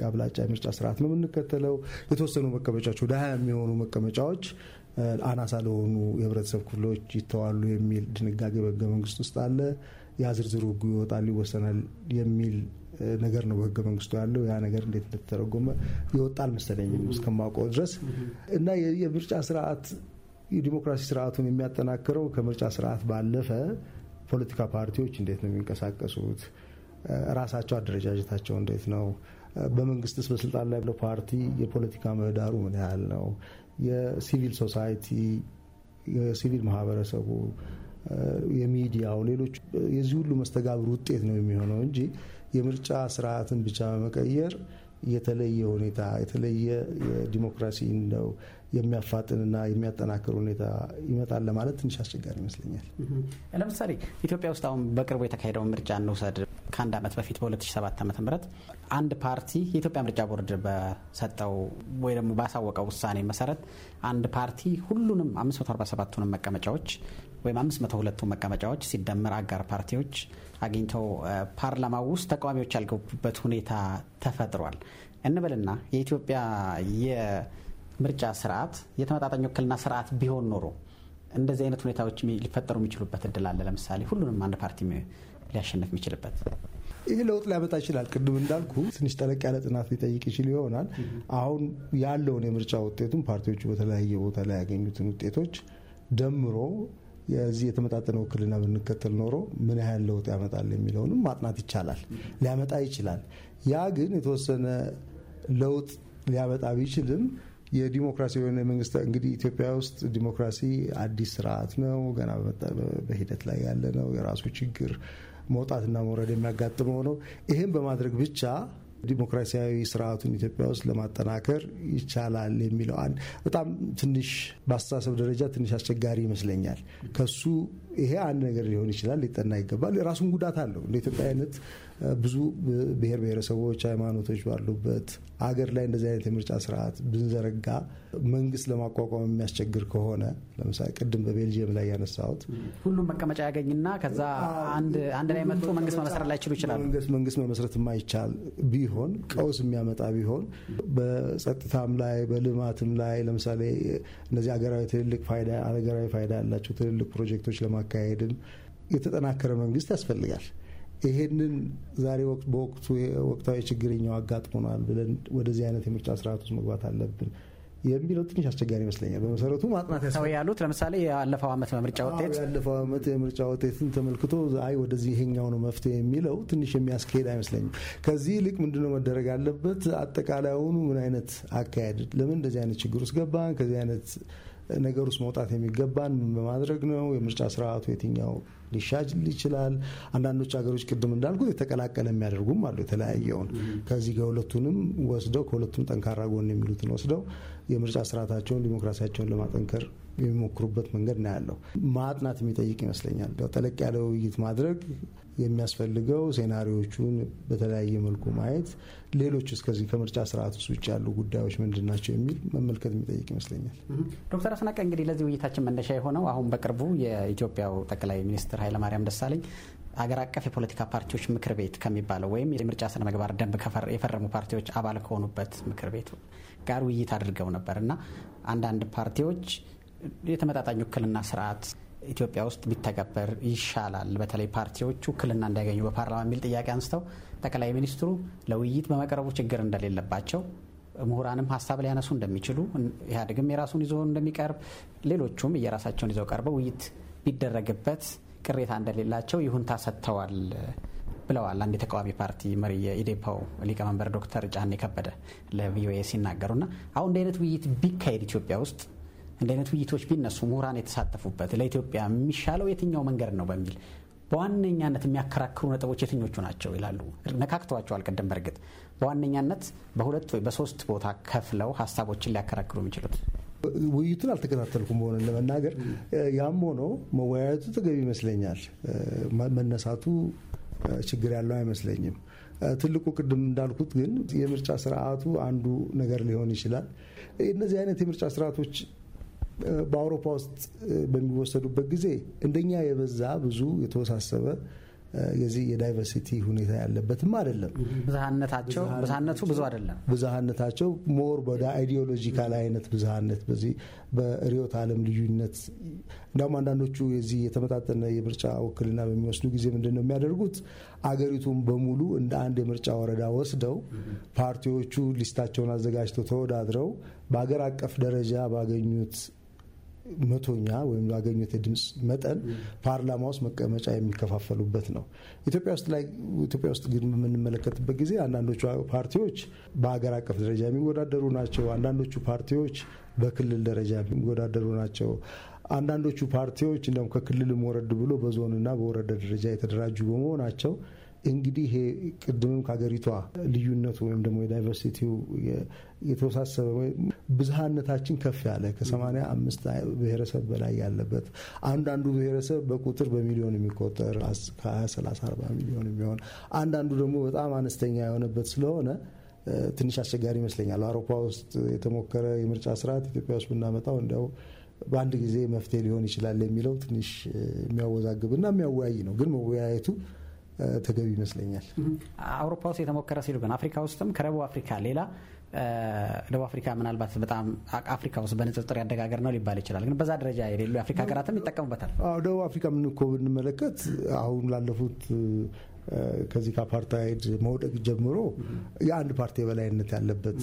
የአብላጫ የምርጫ ስርዓት ነው የምንከተለው። የተወሰኑ መቀመጫዎች ወደ ሀያ የሚሆኑ መቀመጫዎች አናሳ ለሆኑ የህብረተሰብ ክፍሎች ይተዋሉ የሚል ድንጋጌ በህገ መንግስት ውስጥ አለ። ያ ዝርዝሩ ህጉ ይወጣል ይወሰናል የሚል ነገር ነው በህገ መንግስቱ ያለው። ያ ነገር እንዴት እንደተተረጎመ ይወጣል አልመሰለኝም እስከማውቀው ድረስ እና የምርጫ ስርዓት የዲሞክራሲ ስርዓቱን የሚያጠናክረው ከምርጫ ስርዓት ባለፈ ፖለቲካ ፓርቲዎች እንዴት ነው የሚንቀሳቀሱት፣ ራሳቸው አደረጃጀታቸው እንዴት ነው፣ በመንግስትስ በስልጣን ላይ ያለው ፓርቲ የፖለቲካ ምህዳሩ ምን ያህል ነው፣ የሲቪል ሶሳይቲ የሲቪል ማህበረሰቡ፣ የሚዲያው፣ ሌሎች የዚህ ሁሉ መስተጋብር ውጤት ነው የሚሆነው እንጂ የምርጫ ስርዓትን ብቻ በመቀየር የተለየ ሁኔታ የተለየ የዲሞክራሲ ነው የሚያፋጥንና የሚያጠናክር ሁኔታ ይመጣል ለማለት ትንሽ አስቸጋሪ ይመስለኛል።
ለምሳሌ ኢትዮጵያ ውስጥ አሁን በቅርቡ የተካሄደውን ምርጫ እንውሰድ። ከአንድ ዓመት በፊት በ2007 ዓ.ም አንድ ፓርቲ የኢትዮጵያ ምርጫ ቦርድ በሰጠው ወይ ደግሞ ባሳወቀው ውሳኔ መሰረት አንድ ፓርቲ ሁሉንም 547ቱንም መቀመጫዎች ወይም አምስት መቶ ሁለቱ መቀመጫዎች ሲደመር አጋር ፓርቲዎች አግኝተው ፓርላማው ውስጥ ተቃዋሚዎች ያልገቡበት ሁኔታ ተፈጥሯል እንበልና የኢትዮጵያ የምርጫ ስርዓት የተመጣጣኝ ውክልና ስርዓት ቢሆን ኖሮ እንደዚህ አይነት ሁኔታዎች ሊፈጠሩ የሚችሉበት እድል አለ። ለምሳሌ ሁሉንም አንድ ፓርቲ ሊያሸንፍ የሚችልበት
ይህ ለውጥ ሊያመጣ ይችላል። ቅድም እንዳልኩ ትንሽ ጠለቅ ያለ ጥናት ሊጠይቅ ይችል ይሆናል። አሁን ያለውን የምርጫ ውጤቱን ፓርቲዎቹ በተለያየ ቦታ ላይ ያገኙትን ውጤቶች ደምሮ የዚህ የተመጣጠነ ውክልና ብንከተል ኖሮ ምን ያህል ለውጥ ያመጣል የሚለውንም ማጥናት ይቻላል። ሊያመጣ ይችላል። ያ ግን የተወሰነ ለውጥ ሊያመጣ ቢችልም የዲሞክራሲ የሆነ መንግስት እንግዲህ ኢትዮጵያ ውስጥ ዲሞክራሲ አዲስ ስርዓት ነው፣ ገና በሂደት ላይ ያለ ነው። የራሱ ችግር መውጣትና መውረድ የሚያጋጥመው ነው። ይህም በማድረግ ብቻ ዲሞክራሲያዊ ስርዓቱን ኢትዮጵያ ውስጥ ለማጠናከር ይቻላል የሚለው በጣም ትንሽ በአስተሳሰብ ደረጃ ትንሽ አስቸጋሪ ይመስለኛል ከሱ ይሄ አንድ ነገር ሊሆን ይችላል፣ ሊጠና ይገባል። የራሱን ጉዳት አለው። እንደ ኢትዮጵያ አይነት ብዙ ብሔር ብሔረሰቦች፣ ሃይማኖቶች ባሉበት አገር ላይ እንደዚህ አይነት የምርጫ ስርዓት ብንዘረጋ መንግስት ለማቋቋም የሚያስቸግር ከሆነ ለምሳሌ ቅድም በቤልጅየም ላይ ያነሳሁት
ሁሉም መቀመጫ ያገኝና ከዛ አንድ ላይ መጥቶ መንግስት መመስረት ላይችሉ ይችላሉ።
መንግስት መመስረት የማይቻል ቢሆን ቀውስ የሚያመጣ ቢሆን በጸጥታም ላይ በልማትም ላይ ለምሳሌ እነዚህ ሀገራዊ ትልልቅ ፋይዳ ሀገራዊ ፋይዳ ያላቸው ትልልቅ ፕሮጀክቶች ለማ አካሄድን የተጠናከረ መንግስት ያስፈልጋል። ይሄንን ዛሬ በወቅቱ ወቅታዊ ችግርኛው አጋጥሞናል ብለን ወደዚህ አይነት የምርጫ ስርዓት ውስጥ መግባት አለብን የሚለው ትንሽ አስቸጋሪ ይመስለኛል። በመሰረቱ ማጥናት ያሰው
ያሉት ለምሳሌ የአለፈው ዓመት የምርጫ ውጤት
ያለፈው ዓመት የምርጫ ውጤትን ተመልክቶ አይ ወደዚህ ይሄኛው ነው መፍትሄ የሚለው ትንሽ የሚያስካሄድ አይመስለኝም። ከዚህ ይልቅ ምንድነው መደረግ አለበት? አጠቃላይውኑ ምን አይነት አካሄድ ለምን እንደዚህ አይነት ችግር ውስጥ ገባን? ከዚህ አይነት ነገር ውስጥ መውጣት የሚገባን በማድረግ ነው? የምርጫ ስርዓቱ የትኛው ሊሻል ይችላል? አንዳንዶች ሀገሮች ቅድም እንዳልኩት የተቀላቀለ የሚያደርጉም አሉ። የተለያየውን ከዚህ ከሁለቱንም ወስደው ከሁለቱም ጠንካራ ጎን የሚሉትን ወስደው የምርጫ ስርዓታቸውን ዲሞክራሲያቸውን ለማጠንከር የሚሞክሩበት መንገድ ነው ያለው። ማጥናት የሚጠይቅ ይመስለኛል። ጠለቅ ያለ ውይይት ማድረግ የሚያስፈልገው ሴናሪዎቹን በተለያየ መልኩ ማየት፣ ሌሎች እስከዚህ ከምርጫ ስርዓት ውስጥ ውጭ ያሉ ጉዳዮች ምንድን ናቸው የሚል መመልከት የሚጠይቅ ይመስለኛል።
ዶክተር አስናቀ እንግዲህ ለዚህ ውይይታችን መነሻ የሆነው አሁን በቅርቡ የኢትዮጵያው ጠቅላይ ሚኒስትር ኃይለማርያም ደሳለኝ አገር አቀፍ የፖለቲካ ፓርቲዎች ምክር ቤት ከሚባለው ወይም የምርጫ ስነ ምግባር ደንብ የፈረሙ ፓርቲዎች አባል ከሆኑበት ምክር ቤት ጋር ውይይት አድርገው ነበር እና አንዳንድ ፓርቲዎች የተመጣጣኝ ውክልና ስርዓት ኢትዮጵያ ውስጥ ቢተገበር ይሻላል፣ በተለይ ፓርቲዎቹ ውክልና እንዲያገኙ በፓርላማ የሚል ጥያቄ አንስተው ጠቅላይ ሚኒስትሩ ለውይይት በመቅረቡ ችግር እንደሌለባቸው ምሁራንም ሀሳብ ሊያነሱ እንደሚችሉ ኢህአዴግም የራሱን ይዞ እንደሚቀርብ ሌሎቹም የራሳቸውን ይዘው ቀርበው ውይይት ቢደረግበት ቅሬታ እንደሌላቸው ይሁንታ ሰጥተዋል ብለዋል። አንድ የተቃዋሚ ፓርቲ መሪ የኢዴፓው ሊቀመንበር ዶክተር ጫኔ ከበደ ለቪኦኤ ሲናገሩና አሁን እንደ አይነት ውይይት ቢካሄድ ኢትዮጵያ ውስጥ እንደ አይነት ውይይቶች ቢነሱ ምሁራን የተሳተፉበት ለኢትዮጵያ የሚሻለው የትኛው መንገድ ነው በሚል በዋነኛነት የሚያከራክሩ ነጥቦች የትኞቹ ናቸው ይላሉ። ነካክተዋቸዋል ቅድም። በእርግጥ በዋነኛነት በሁለት ወይ በሶስት ቦታ ከፍለው ሀሳቦችን ሊያከራክሩ የሚችሉት
ውይይቱን አልተከታተልኩም በሆነ ለመናገር ያም ሆኖ መወያየቱ ተገቢ ይመስለኛል። መነሳቱ ችግር ያለው አይመስለኝም። ትልቁ ቅድም እንዳልኩት ግን የምርጫ ስርዓቱ አንዱ ነገር ሊሆን ይችላል። እነዚህ አይነት የምርጫ ስርዓቶች በአውሮፓ ውስጥ በሚወሰዱበት ጊዜ እንደኛ የበዛ ብዙ የተወሳሰበ የዚህ የዳይቨርሲቲ ሁኔታ ያለበትም አይደለም። ብዝሃነታቸው ብዝሃነቱ ብዙ አይደለም። ብዝሃነታቸው ሞር ወደ አይዲዮሎጂካል አይነት ብዝሃነት በዚህ በርዕዮተ ዓለም ልዩነት እንዲሁም አንዳንዶቹ የዚህ የተመጣጠነ የምርጫ ውክልና በሚወስዱ ጊዜ ምንድን ነው የሚያደርጉት? አገሪቱን በሙሉ እንደ አንድ የምርጫ ወረዳ ወስደው ፓርቲዎቹ ሊስታቸውን አዘጋጅተው ተወዳድረው በአገር አቀፍ ደረጃ ባገኙት መቶኛ ወይም ያገኙት የድምፅ መጠን ፓርላማ ውስጥ መቀመጫ የሚከፋፈሉበት ነው። ኢትዮጵያ ውስጥ ላይ ኢትዮጵያ ውስጥ ግን በምንመለከትበት ጊዜ አንዳንዶቹ ፓርቲዎች በሀገር አቀፍ ደረጃ የሚወዳደሩ ናቸው። አንዳንዶቹ ፓርቲዎች በክልል ደረጃ የሚወዳደሩ ናቸው። አንዳንዶቹ ፓርቲዎች እንደውም ከክልልም ወረድ ብሎ በዞንና በወረዳ ደረጃ የተደራጁ በመሆናቸው እንግዲህ ይሄ ቅድምም ከሀገሪቷ ልዩነቱ ወይም ደግሞ የዳይቨርሲቲው የተወሳሰበ ብዝሃነታችን ከፍ ያለ ከሰማንያ አምስት ብሔረሰብ በላይ ያለበት አንዳንዱ ብሔረሰብ በቁጥር በሚሊዮን የሚቆጠር ከ20 ሚሊዮን የሚሆን አንዳንዱ ደግሞ በጣም አነስተኛ የሆነበት ስለሆነ ትንሽ አስቸጋሪ ይመስለኛል። አውሮፓ ውስጥ የተሞከረ የምርጫ ስርዓት ኢትዮጵያ ውስጥ ብናመጣው እንዲያው በአንድ ጊዜ መፍትሄ ሊሆን ይችላል የሚለው ትንሽ የሚያወዛግብና የሚያወያይ ነው። ግን መወያየቱ ተገቢ ይመስለኛል።
አውሮፓ ውስጥ የተሞከረ ሲሉ ግን አፍሪካ ውስጥም ከደቡብ አፍሪካ ሌላ ደቡብ አፍሪካ ምናልባት በጣም አፍሪካ ውስጥ በንጽጽር ያደጋገር ነው ሊባል ይችላል። ግን በዛ ደረጃ የሌሉ የአፍሪካ ሀገራትም ይጠቀሙበታል።
ደቡብ አፍሪካ ምን እኮ ብንመለከት አሁን ላለፉት ከዚህ ከአፓርታይድ መውደቅ ጀምሮ የአንድ ፓርቲ የበላይነት ያለበት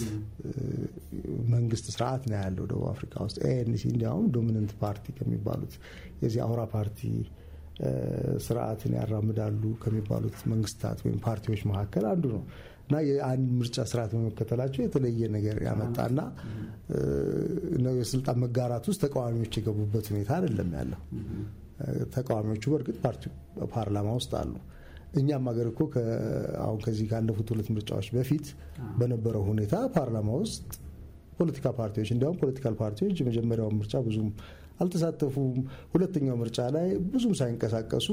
መንግስት ስርዓት ነው ያለው ደቡብ አፍሪካ ውስጥ ኤንሲ እንዲያውም ዶሚነንት ፓርቲ ከሚባሉት የዚህ አውራ ፓርቲ ስርዓትን ያራምዳሉ ከሚባሉት መንግስታት ወይም ፓርቲዎች መካከል አንዱ ነው እና የአንድ ምርጫ ስርዓት በመከተላቸው የተለየ ነገር ያመጣና የስልጣን መጋራት ውስጥ ተቃዋሚዎች የገቡበት ሁኔታ አይደለም ያለው። ተቃዋሚዎቹ በእርግጥ ፓርላማ ውስጥ አሉ። እኛም ሀገር እኮ አሁን ከዚህ ካለፉት ሁለት ምርጫዎች በፊት በነበረው ሁኔታ ፓርላማ ውስጥ ፖለቲካ ፓርቲዎች እንዲያውም ፖለቲካል ፓርቲዎች የመጀመሪያውን ምርጫ ብዙም አልተሳተፉም። ሁለተኛው ምርጫ ላይ ብዙም ሳይንቀሳቀሱ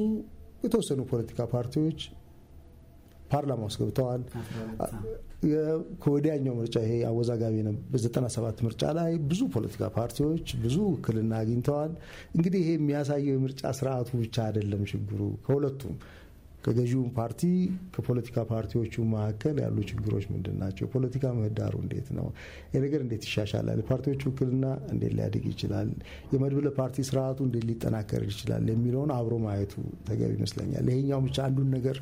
የተወሰኑ ፖለቲካ ፓርቲዎች ፓርላማ ውስጥ ገብተዋል። ከወዲያኛው ምርጫ ይሄ አወዛጋቢ በ በ97 ምርጫ ላይ ብዙ ፖለቲካ ፓርቲዎች ብዙ ውክልና አግኝተዋል። እንግዲህ ይሄ የሚያሳየው የምርጫ ስርዓቱ ብቻ አይደለም ችግሩ ከሁለቱም ከገዢውም ፓርቲ ከፖለቲካ ፓርቲዎቹ መካከል ያሉ ችግሮች ምንድን ናቸው? የፖለቲካ ምህዳሩ እንዴት ነው? ነገር እንዴት ይሻሻላል? የፓርቲዎቹ ውክልና እንዴት ሊያድግ ይችላል? የመድብለ ፓርቲ ስርዓቱ እንዴት ሊጠናከር ይችላል? የሚለውን አብሮ ማየቱ ተገቢ ይመስለኛል። ይሄኛው ብቻ አንዱን ነገር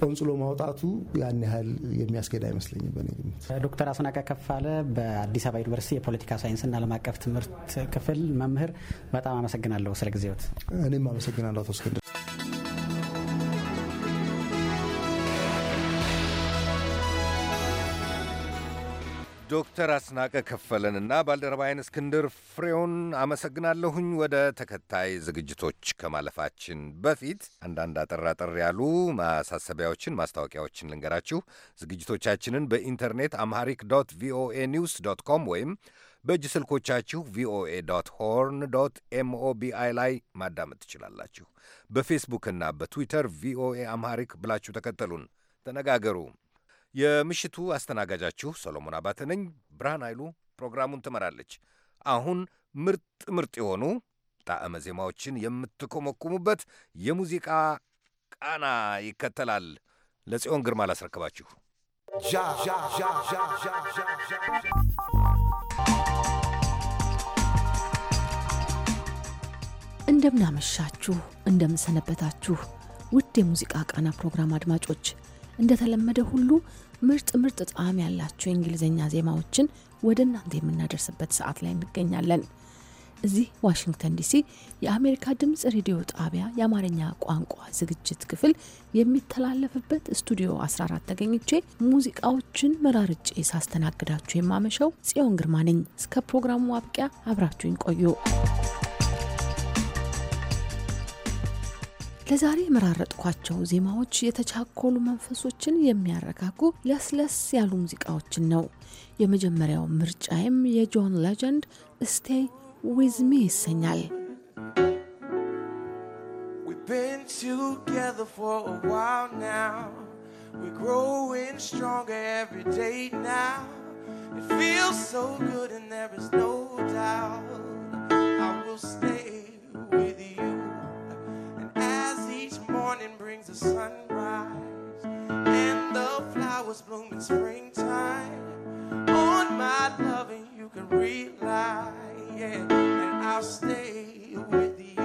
ቆንጽሎ ማውጣቱ ያን ያህል የሚያስገድ አይመስለኝም። በእኔ ግምት
ዶክተር አስናቀ ከፋለ በአዲስ አበባ ዩኒቨርሲቲ የፖለቲካ ሳይንስና ዓለም አቀፍ ትምህርት ክፍል መምህር፣ በጣም አመሰግናለሁ
ስለ ጊዜዎት። እኔም አመሰግናለሁ አቶ እስክንድር።
ዶክተር አስናቀ ከፈለንና ባልደረባይን እስክንድር ፍሬውን አመሰግናለሁኝ። ወደ ተከታይ ዝግጅቶች ከማለፋችን በፊት አንዳንድ አጠር አጠር ያሉ ማሳሰቢያዎችን፣ ማስታወቂያዎችን ልንገራችሁ። ዝግጅቶቻችንን በኢንተርኔት አምሃሪክ ዶት ቪኦኤ ኒውስ ዶት ኮም ወይም በእጅ ስልኮቻችሁ ቪኦኤ ዶት ሆርን ዶት ኤምኦቢአይ ላይ ማዳመጥ ትችላላችሁ። በፌስቡክና በትዊተር ቪኦኤ አምሃሪክ ብላችሁ ተከተሉን፣ ተነጋገሩ። የምሽቱ አስተናጋጃችሁ ሰሎሞን አባተ ነኝ። ብርሃን ኃይሉ ፕሮግራሙን ትመራለች። አሁን ምርጥ ምርጥ የሆኑ ጣዕመ ዜማዎችን የምትኮመኩሙበት የሙዚቃ ቃና ይከተላል። ለጽዮን ግርማ ላስረክባችሁ።
እንደምናመሻችሁ፣ እንደምንሰነበታችሁ ውድ የሙዚቃ ቃና ፕሮግራም አድማጮች እንደተለመደ ሁሉ ምርጥ ምርጥ ጣዕም ያላቸው የእንግሊዝኛ ዜማዎችን ወደ እናንተ የምናደርስበት ሰዓት ላይ እንገኛለን። እዚህ ዋሽንግተን ዲሲ የአሜሪካ ድምፅ ሬዲዮ ጣቢያ የአማርኛ ቋንቋ ዝግጅት ክፍል የሚተላለፍበት ስቱዲዮ 14 ተገኝቼ ሙዚቃዎችን መራርጬ ሳስተናግዳችሁ የማመሸው ጽዮን ግርማ ነኝ። እስከ ፕሮግራሙ አብቂያ አብራችሁኝ ቆዩ። ለዛሬ የመራረጥኳቸው ዜማዎች የተቻኮሉ መንፈሶችን የሚያረጋጉ ለስለስ ያሉ ሙዚቃዎችን ነው። የመጀመሪያው ምርጫዬም የጆን ሌጀንድ ስቴይ ዊዝ ሚ ይሰኛል።
I will stay with you. morning brings the sunrise and the flowers bloom in springtime. On my loving, you can rely, yeah, and I'll stay with you.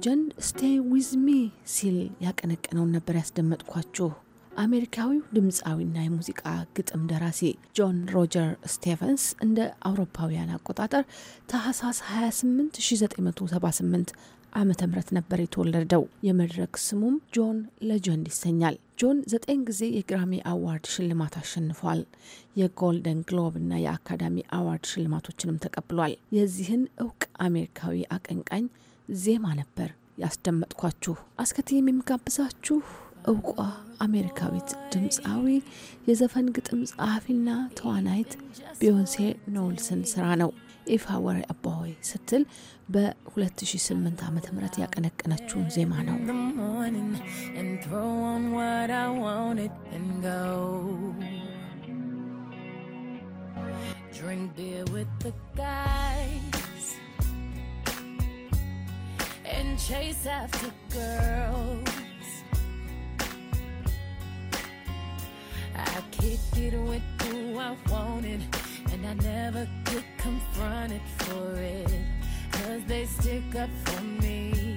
ሌጀንድ ስቴይ ዊዝ ሚ ሲል ያቀነቀነውን ነበር ያስደመጥኳችሁ። አሜሪካዊው ድምፃዊና የሙዚቃ ግጥም ደራሲ ጆን ሮጀር ስቴቨንስ እንደ አውሮፓውያን አቆጣጠር ታህሳስ 28 1978 ዓመተ ምህረት ነበር የተወለደው። የመድረክ ስሙም ጆን ሌጀንድ ይሰኛል። ጆን ዘጠኝ ጊዜ የግራሚ አዋርድ ሽልማት አሸንፏል። የጎልደን ግሎብ እና የአካዳሚ አዋርድ ሽልማቶችንም ተቀብሏል። የዚህን እውቅ አሜሪካዊ አቀንቃኝ ዜማ ነበር ያስደመጥኳችሁ። አስከትዬም የሚጋብዛችሁ እውቋ አሜሪካዊት ድምፃዊ የዘፈን ግጥም ጸሐፊና ተዋናይት ቢዮንሴ ኖልስን ስራ ነው። ኢፋ ወሬ አባሆይ ስትል በ2008 ዓ.ም ያቀነቀነችውን ዜማ ነው።
Drink beer with the guys and chase after girls. I kick it with who I wanted, and I never get confronted for it, cause they stick up for me.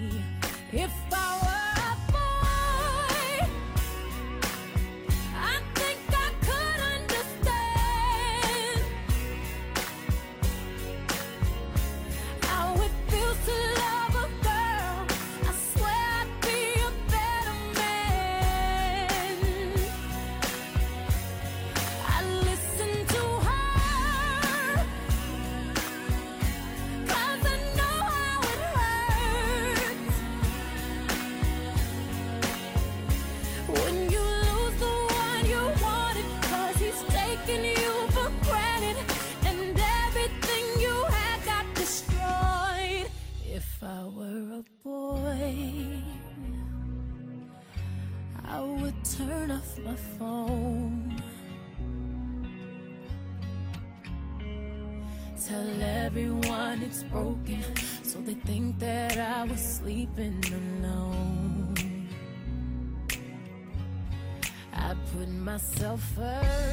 myself first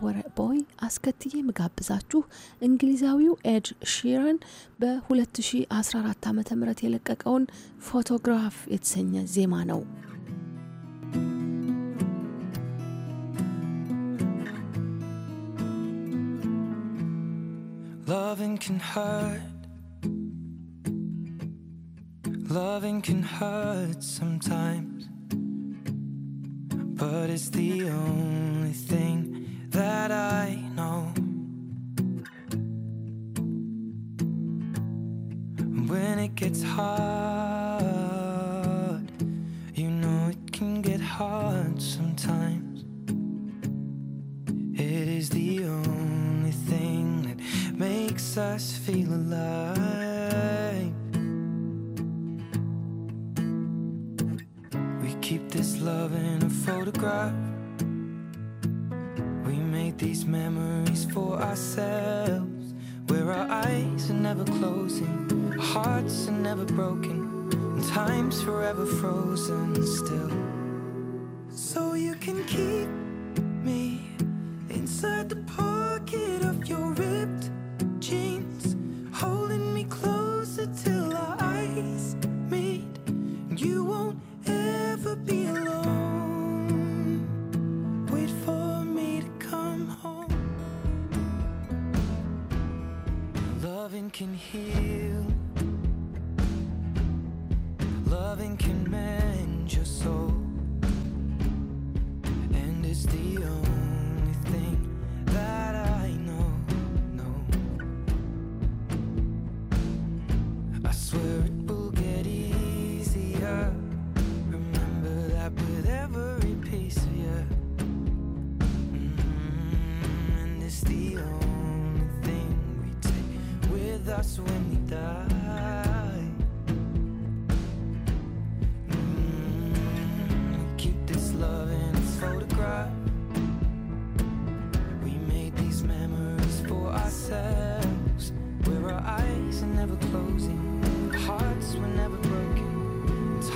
ፓወር ቦይ አስከትዬ የምጋብዛችሁ እንግሊዛዊው ኤድ ሺረን በ2014 ዓ ም የለቀቀውን ፎቶግራፍ የተሰኘ ዜማ ነው።
Loving can hurt. Loving can hurt sometimes. But it's the only thing that I know. When it gets hard, you know it can get hard sometimes. It is the only thing that makes us feel alive. We keep this love in a photograph ourselves where our eyes are never closing, hearts are never broken, and time's forever frozen still. So you can keep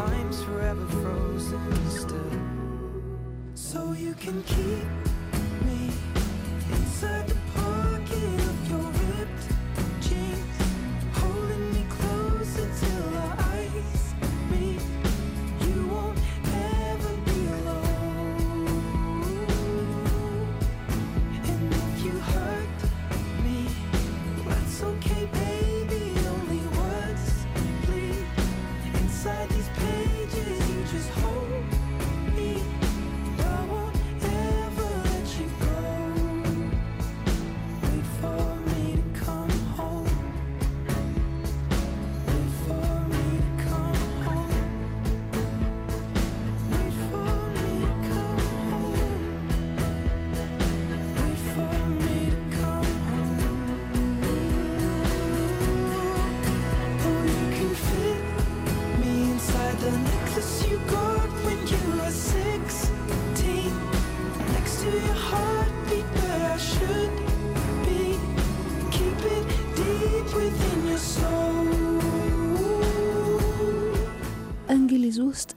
time's forever frozen still. So you can keep me inside the park.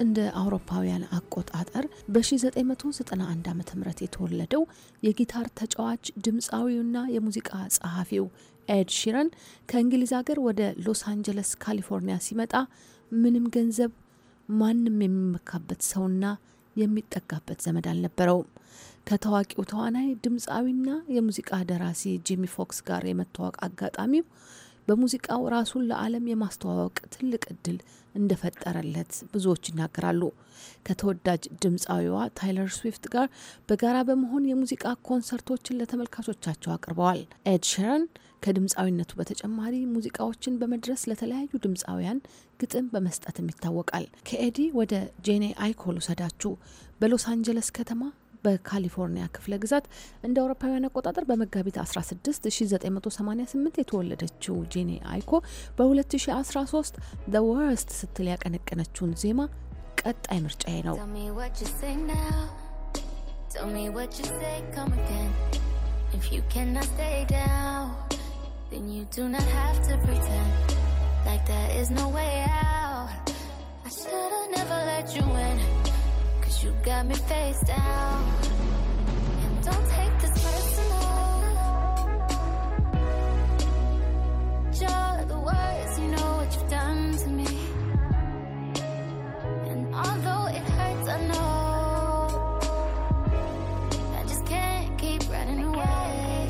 እንደ አውሮፓውያን አቆጣጠር በ1991 ዓ ም የተወለደው የጊታር ተጫዋች ድምፃዊውና የሙዚቃ ጸሐፊው ኤድ ሺረን ከእንግሊዝ ሀገር ወደ ሎስ አንጀለስ ካሊፎርኒያ ሲመጣ ምንም ገንዘብ፣ ማንም የሚመካበት ሰውና የሚጠጋበት ዘመድ አልነበረውም። ከታዋቂው ተዋናይ ድምፃዊና የሙዚቃ ደራሲ ጂሚ ፎክስ ጋር የመተዋወቅ አጋጣሚው በሙዚቃው ራሱን ለዓለም የማስተዋወቅ ትልቅ እድል እንደፈጠረለት ብዙዎች ይናገራሉ። ከተወዳጅ ድምፃዊዋ ታይለር ስዊፍት ጋር በጋራ በመሆን የሙዚቃ ኮንሰርቶችን ለተመልካቾቻቸው አቅርበዋል። ኤድ ሸረን ከድምፃዊነቱ በተጨማሪ ሙዚቃዎችን በመድረስ ለተለያዩ ድምፃውያን ግጥም በመስጠትም ይታወቃል። ከኤዲ ወደ ጄኔ አይኮል ውሰዳችሁ በሎስ አንጀለስ ከተማ በካሊፎርኒያ ክፍለ ግዛት እንደ አውሮፓውያን አቆጣጠር በመጋቢት 16 የተወለደችው ጄኒ አይኮ በ2013 ዘ ወርስት ስትል ያቀነቀነችውን ዜማ ቀጣይ ምርጫዬ ነው።
Cause you got me face down. And don't take this personal. you the words, you know what you've done to me. And although it hurts, I know. I just can't keep running away.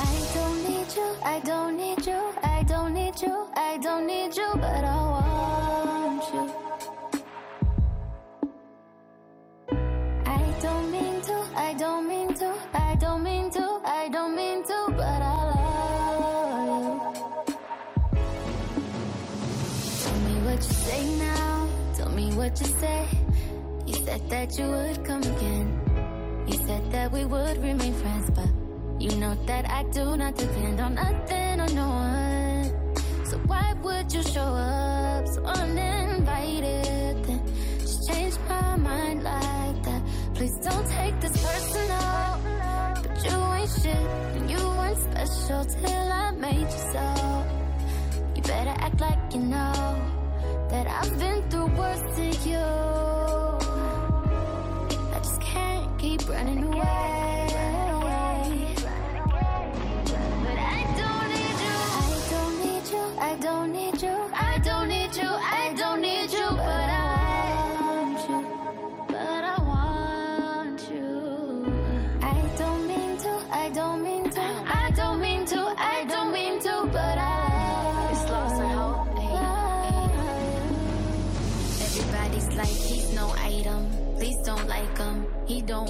I don't need you, I don't need you. I I don't need you, I don't need you, but I want you. I don't mean to, I don't mean to, I don't mean to, I don't mean to, but I love you. Tell me what you say now, tell me what you say. You said that you would come again. You said that we would remain friends, but you know that I do not depend on nothing or no one. So why would you show up so uninvited? Then just change my mind like that. Please don't take this personal. But you ain't shit and you weren't special till I made you so. You better act like you know that I've been through worse to you. I just can't keep running away.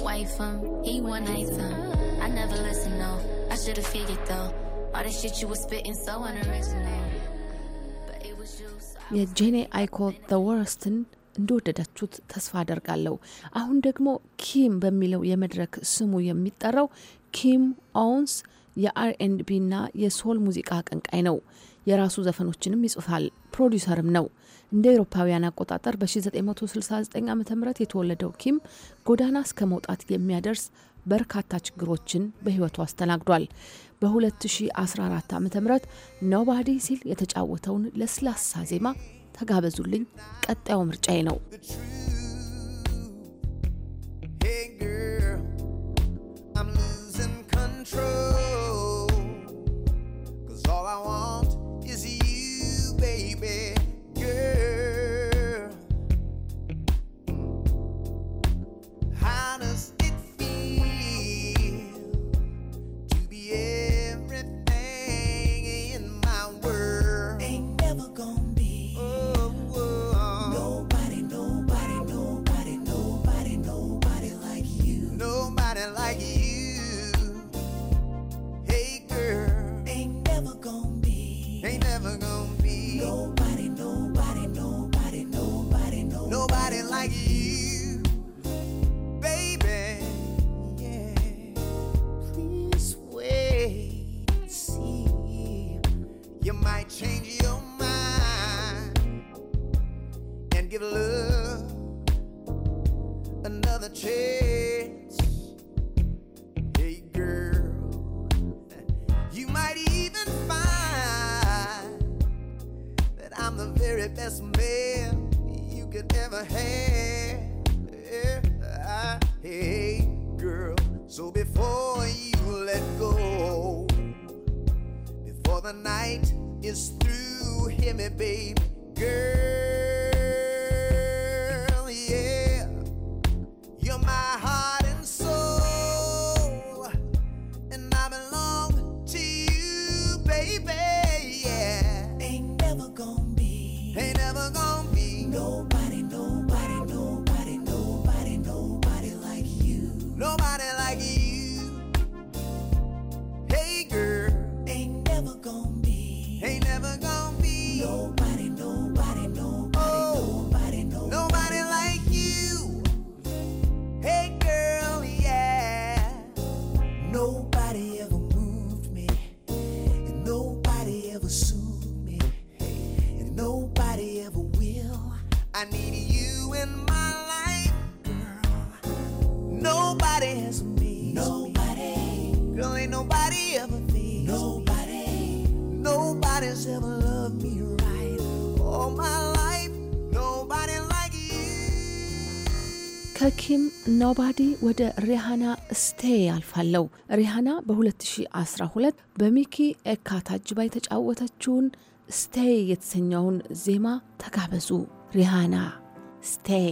wife him, he one night time. I never listen, no. I should have figured though. All the shit you were spitting so unoriginal.
የጄኒ አይኮ ዘ ወርስትን እንደወደዳችሁት ተስፋ አደርጋለሁ። አሁን ደግሞ ኪም በሚለው የመድረክ ስሙ የሚጠራው ኪም ኦውንስ የአርኤንቢ እና የሶል ሙዚቃ አቀንቃይ ነው። የራሱ ዘፈኖችንም ይጽፋል፣ ፕሮዲውሰርም ነው። እንደ ኤሮፓውያን አቆጣጠር በ1969 ዓ ም የተወለደው ኪም ጎዳና እስከ መውጣት የሚያደርስ በርካታ ችግሮችን በህይወቱ አስተናግዷል። በ2014 ዓ ም ኖባዲ ሲል የተጫወተውን ለስላሳ ዜማ ተጋበዙልኝ፣ ቀጣዩ ምርጫዬ ነው። Cause all I want ከኪም ኖባዲ ወደ ሪሃና ስቴ ያልፋለው። ሪሃና በ2012 በሚኪ ኤካ ታጅባ የተጫወተችውን ስቴይ የተሰኘውን ዜማ ተጋበዙ። ሪሃና ስቴይ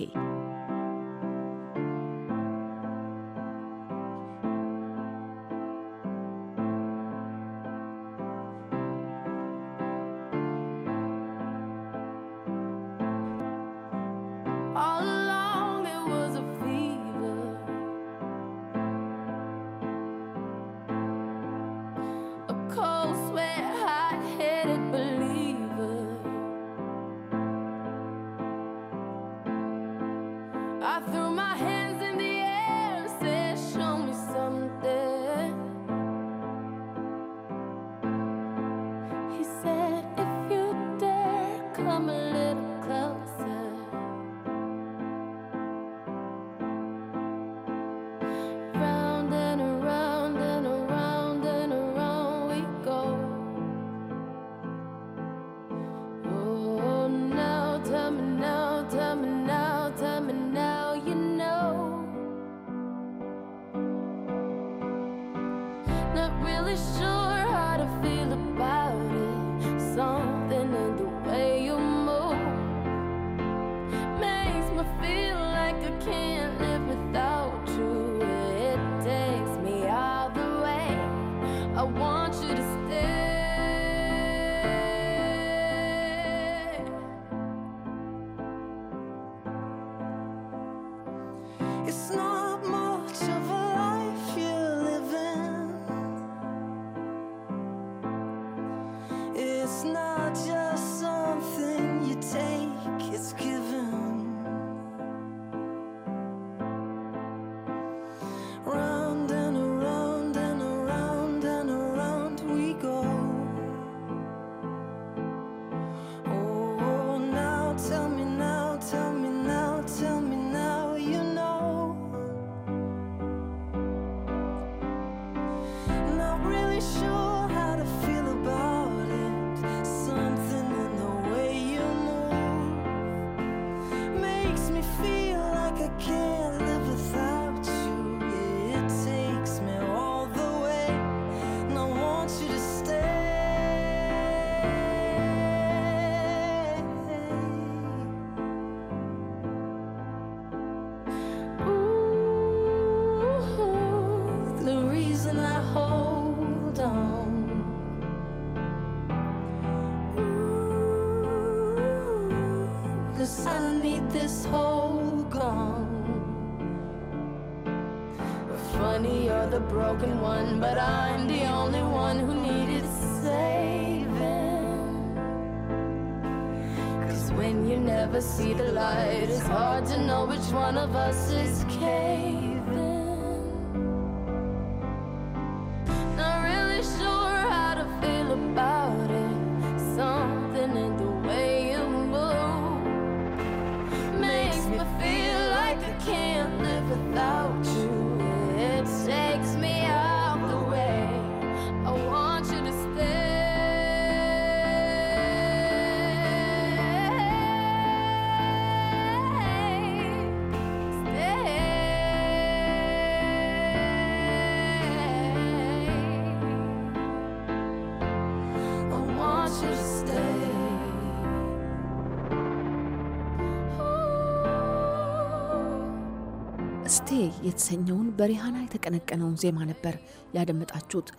የተሰኘውን በሪሃና የተቀነቀነውን ዜማ ነበር ያደመጣችሁት።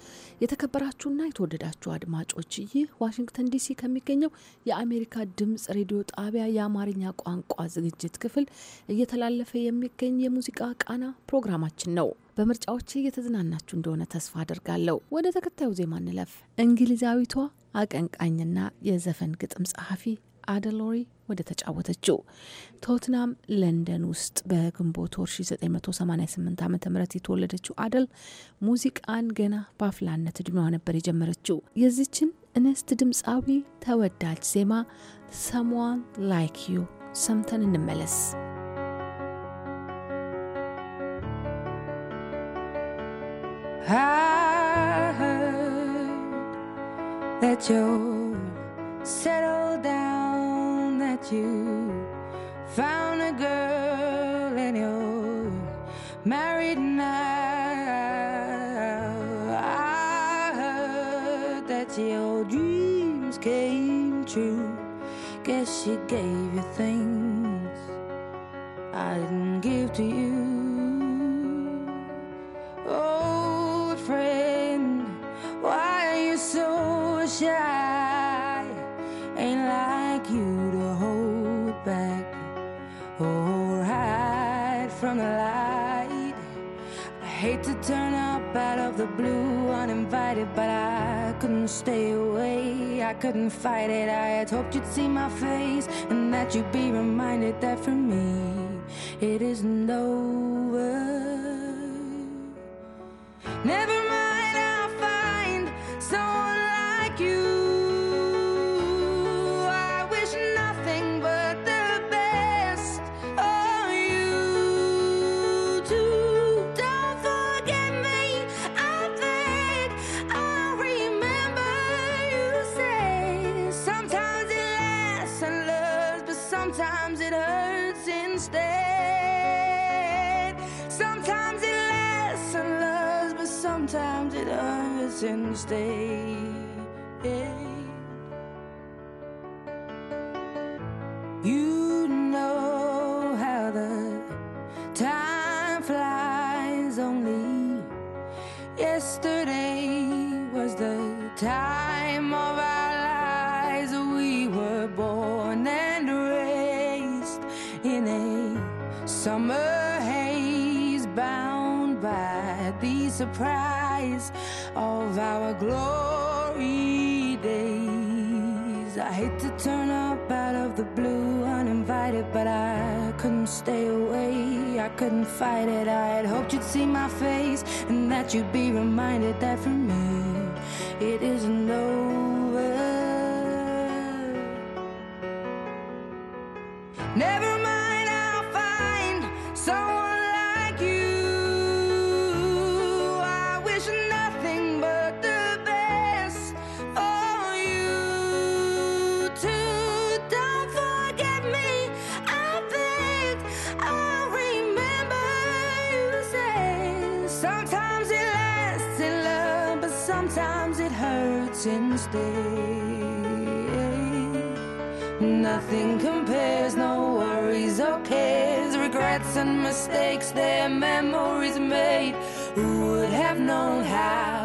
የተከበራችሁና የተወደዳችሁ አድማጮች ይህ ዋሽንግተን ዲሲ ከሚገኘው የአሜሪካ ድምፅ ሬዲዮ ጣቢያ የአማርኛ ቋንቋ ዝግጅት ክፍል እየተላለፈ የሚገኝ የሙዚቃ ቃና ፕሮግራማችን ነው። በምርጫዎች እየተዝናናችሁ እንደሆነ ተስፋ አድርጋለሁ። ወደ ተከታዩ ዜማ እንለፍ። እንግሊዛዊቷ አቀንቃኝና የዘፈን ግጥም ጸሐፊ አደሎሪ ወደ ተጫወተችው ቶትናም ለንደን ውስጥ በግንቦት ወር 1988 ዓ ም የተወለደችው አደል ሙዚቃን ገና በአፍላነት እድሜዋ ነበር የጀመረችው። የዚችን እንስት ድምፃዊ ተወዳጅ ዜማ ሰምዋን ላይክ ዩ ሰምተን እንመለስ። I
heard
that you settled down that you found a girl and you're married now. I heard that your dreams came true. Guess she gave you things I didn't give to you. Old oh, friend, why are you so shy? from the light. I hate to turn up out of the blue uninvited, but I couldn't stay away. I couldn't fight it. I had hoped you'd see my face and that you'd be reminded that for me it isn't over. Never mind. Valentine's Day. You know how the time flies, only yesterday was the time of our lives. We were born and raised in a summer haze bound by the surprise of our glory days. I hate to turn up out of the blue uninvited, but I couldn't stay away. I couldn't fight it. I had hoped you'd see my face and that you'd be reminded that for me it isn't over. Never since day. Nothing compares, no worries or cares, regrets and mistakes, their memories made. Who would have known how?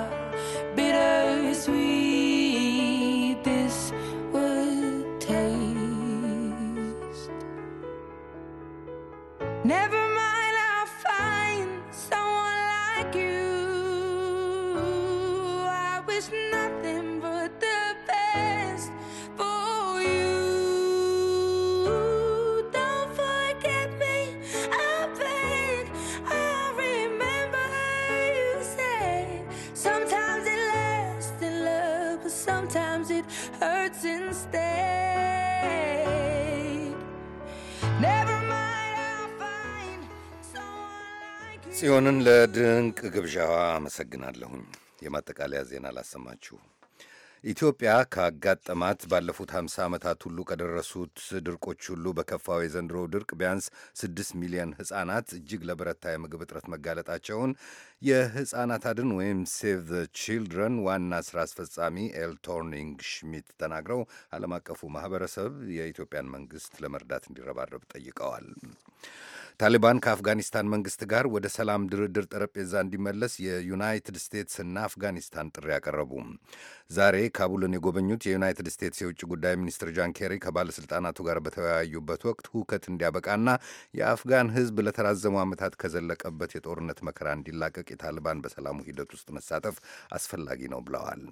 ጽዮንን ለድንቅ ግብዣዋ አመሰግናለሁኝ። የማጠቃለያ ዜና ላሰማችሁ። ኢትዮጵያ ካጋጠማት ባለፉት 50 ዓመታት ሁሉ ከደረሱት ድርቆች ሁሉ በከፋው የዘንድሮ ድርቅ ቢያንስ 6 ሚሊዮን ሕፃናት እጅግ ለበረታ የምግብ እጥረት መጋለጣቸውን የሕፃናት አድን ወይም ሴቭ ዘ ቺልድረን ዋና ሥራ አስፈጻሚ ኤልቶርኒንግ ሽሚት ተናግረው ዓለም አቀፉ ማኅበረሰብ የኢትዮጵያን መንግሥት ለመርዳት እንዲረባረብ ጠይቀዋል። ታሊባን ከአፍጋኒስታን መንግስት ጋር ወደ ሰላም ድርድር ጠረጴዛ እንዲመለስ የዩናይትድ እና አፍጋኒስታን ጥሪ ያቀረቡ ዛሬ ካቡልን የጎበኙት የዩናይትድ ስቴትስ የውጭ ጉዳይ ሚኒስትር ጃን ኬሪ ከባለሥልጣናቱ ጋር በተወያዩበት ወቅት ሁከት እንዲያበቃና የአፍጋን ሕዝብ ለተራዘሙ ዓመታት ከዘለቀበት የጦርነት መከራ እንዲላቀቅ የታሊባን በሰላሙ ሂደት ውስጥ መሳተፍ አስፈላጊ ነው ብለዋል።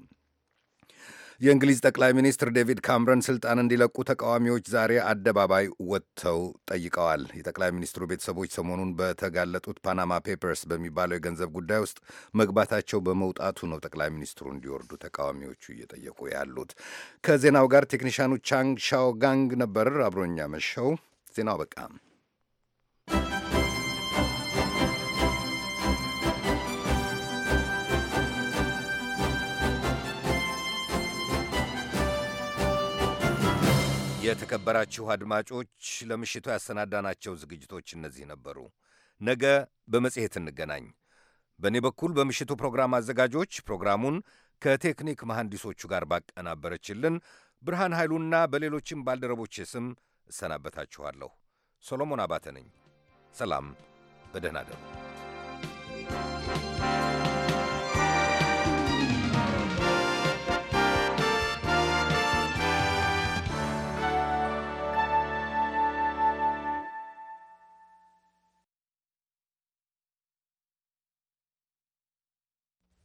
የእንግሊዝ ጠቅላይ ሚኒስትር ዴቪድ ካምረን ስልጣን እንዲለቁ ተቃዋሚዎች ዛሬ አደባባይ ወጥተው ጠይቀዋል። የጠቅላይ ሚኒስትሩ ቤተሰቦች ሰሞኑን በተጋለጡት ፓናማ ፔፐርስ በሚባለው የገንዘብ ጉዳይ ውስጥ መግባታቸው በመውጣቱ ነው ጠቅላይ ሚኒስትሩ እንዲወርዱ ተቃዋሚዎቹ እየጠየቁ ያሉት። ከዜናው ጋር ቴክኒሻኑ ቻንግ ሻው ጋንግ ነበር አብሮኛ መሸው። ዜናው በቃ የተከበራችሁ አድማጮች ለምሽቱ ያሰናዳናቸው ዝግጅቶች እነዚህ ነበሩ። ነገ በመጽሔት እንገናኝ። በእኔ በኩል በምሽቱ ፕሮግራም አዘጋጆች ፕሮግራሙን ከቴክኒክ መሐንዲሶቹ ጋር ባቀናበረችልን ብርሃን ኃይሉና በሌሎችም ባልደረቦች ስም እሰናበታችኋለሁ። ሰሎሞን አባተ ነኝ። ሰላም፣ በደህና ደሩ።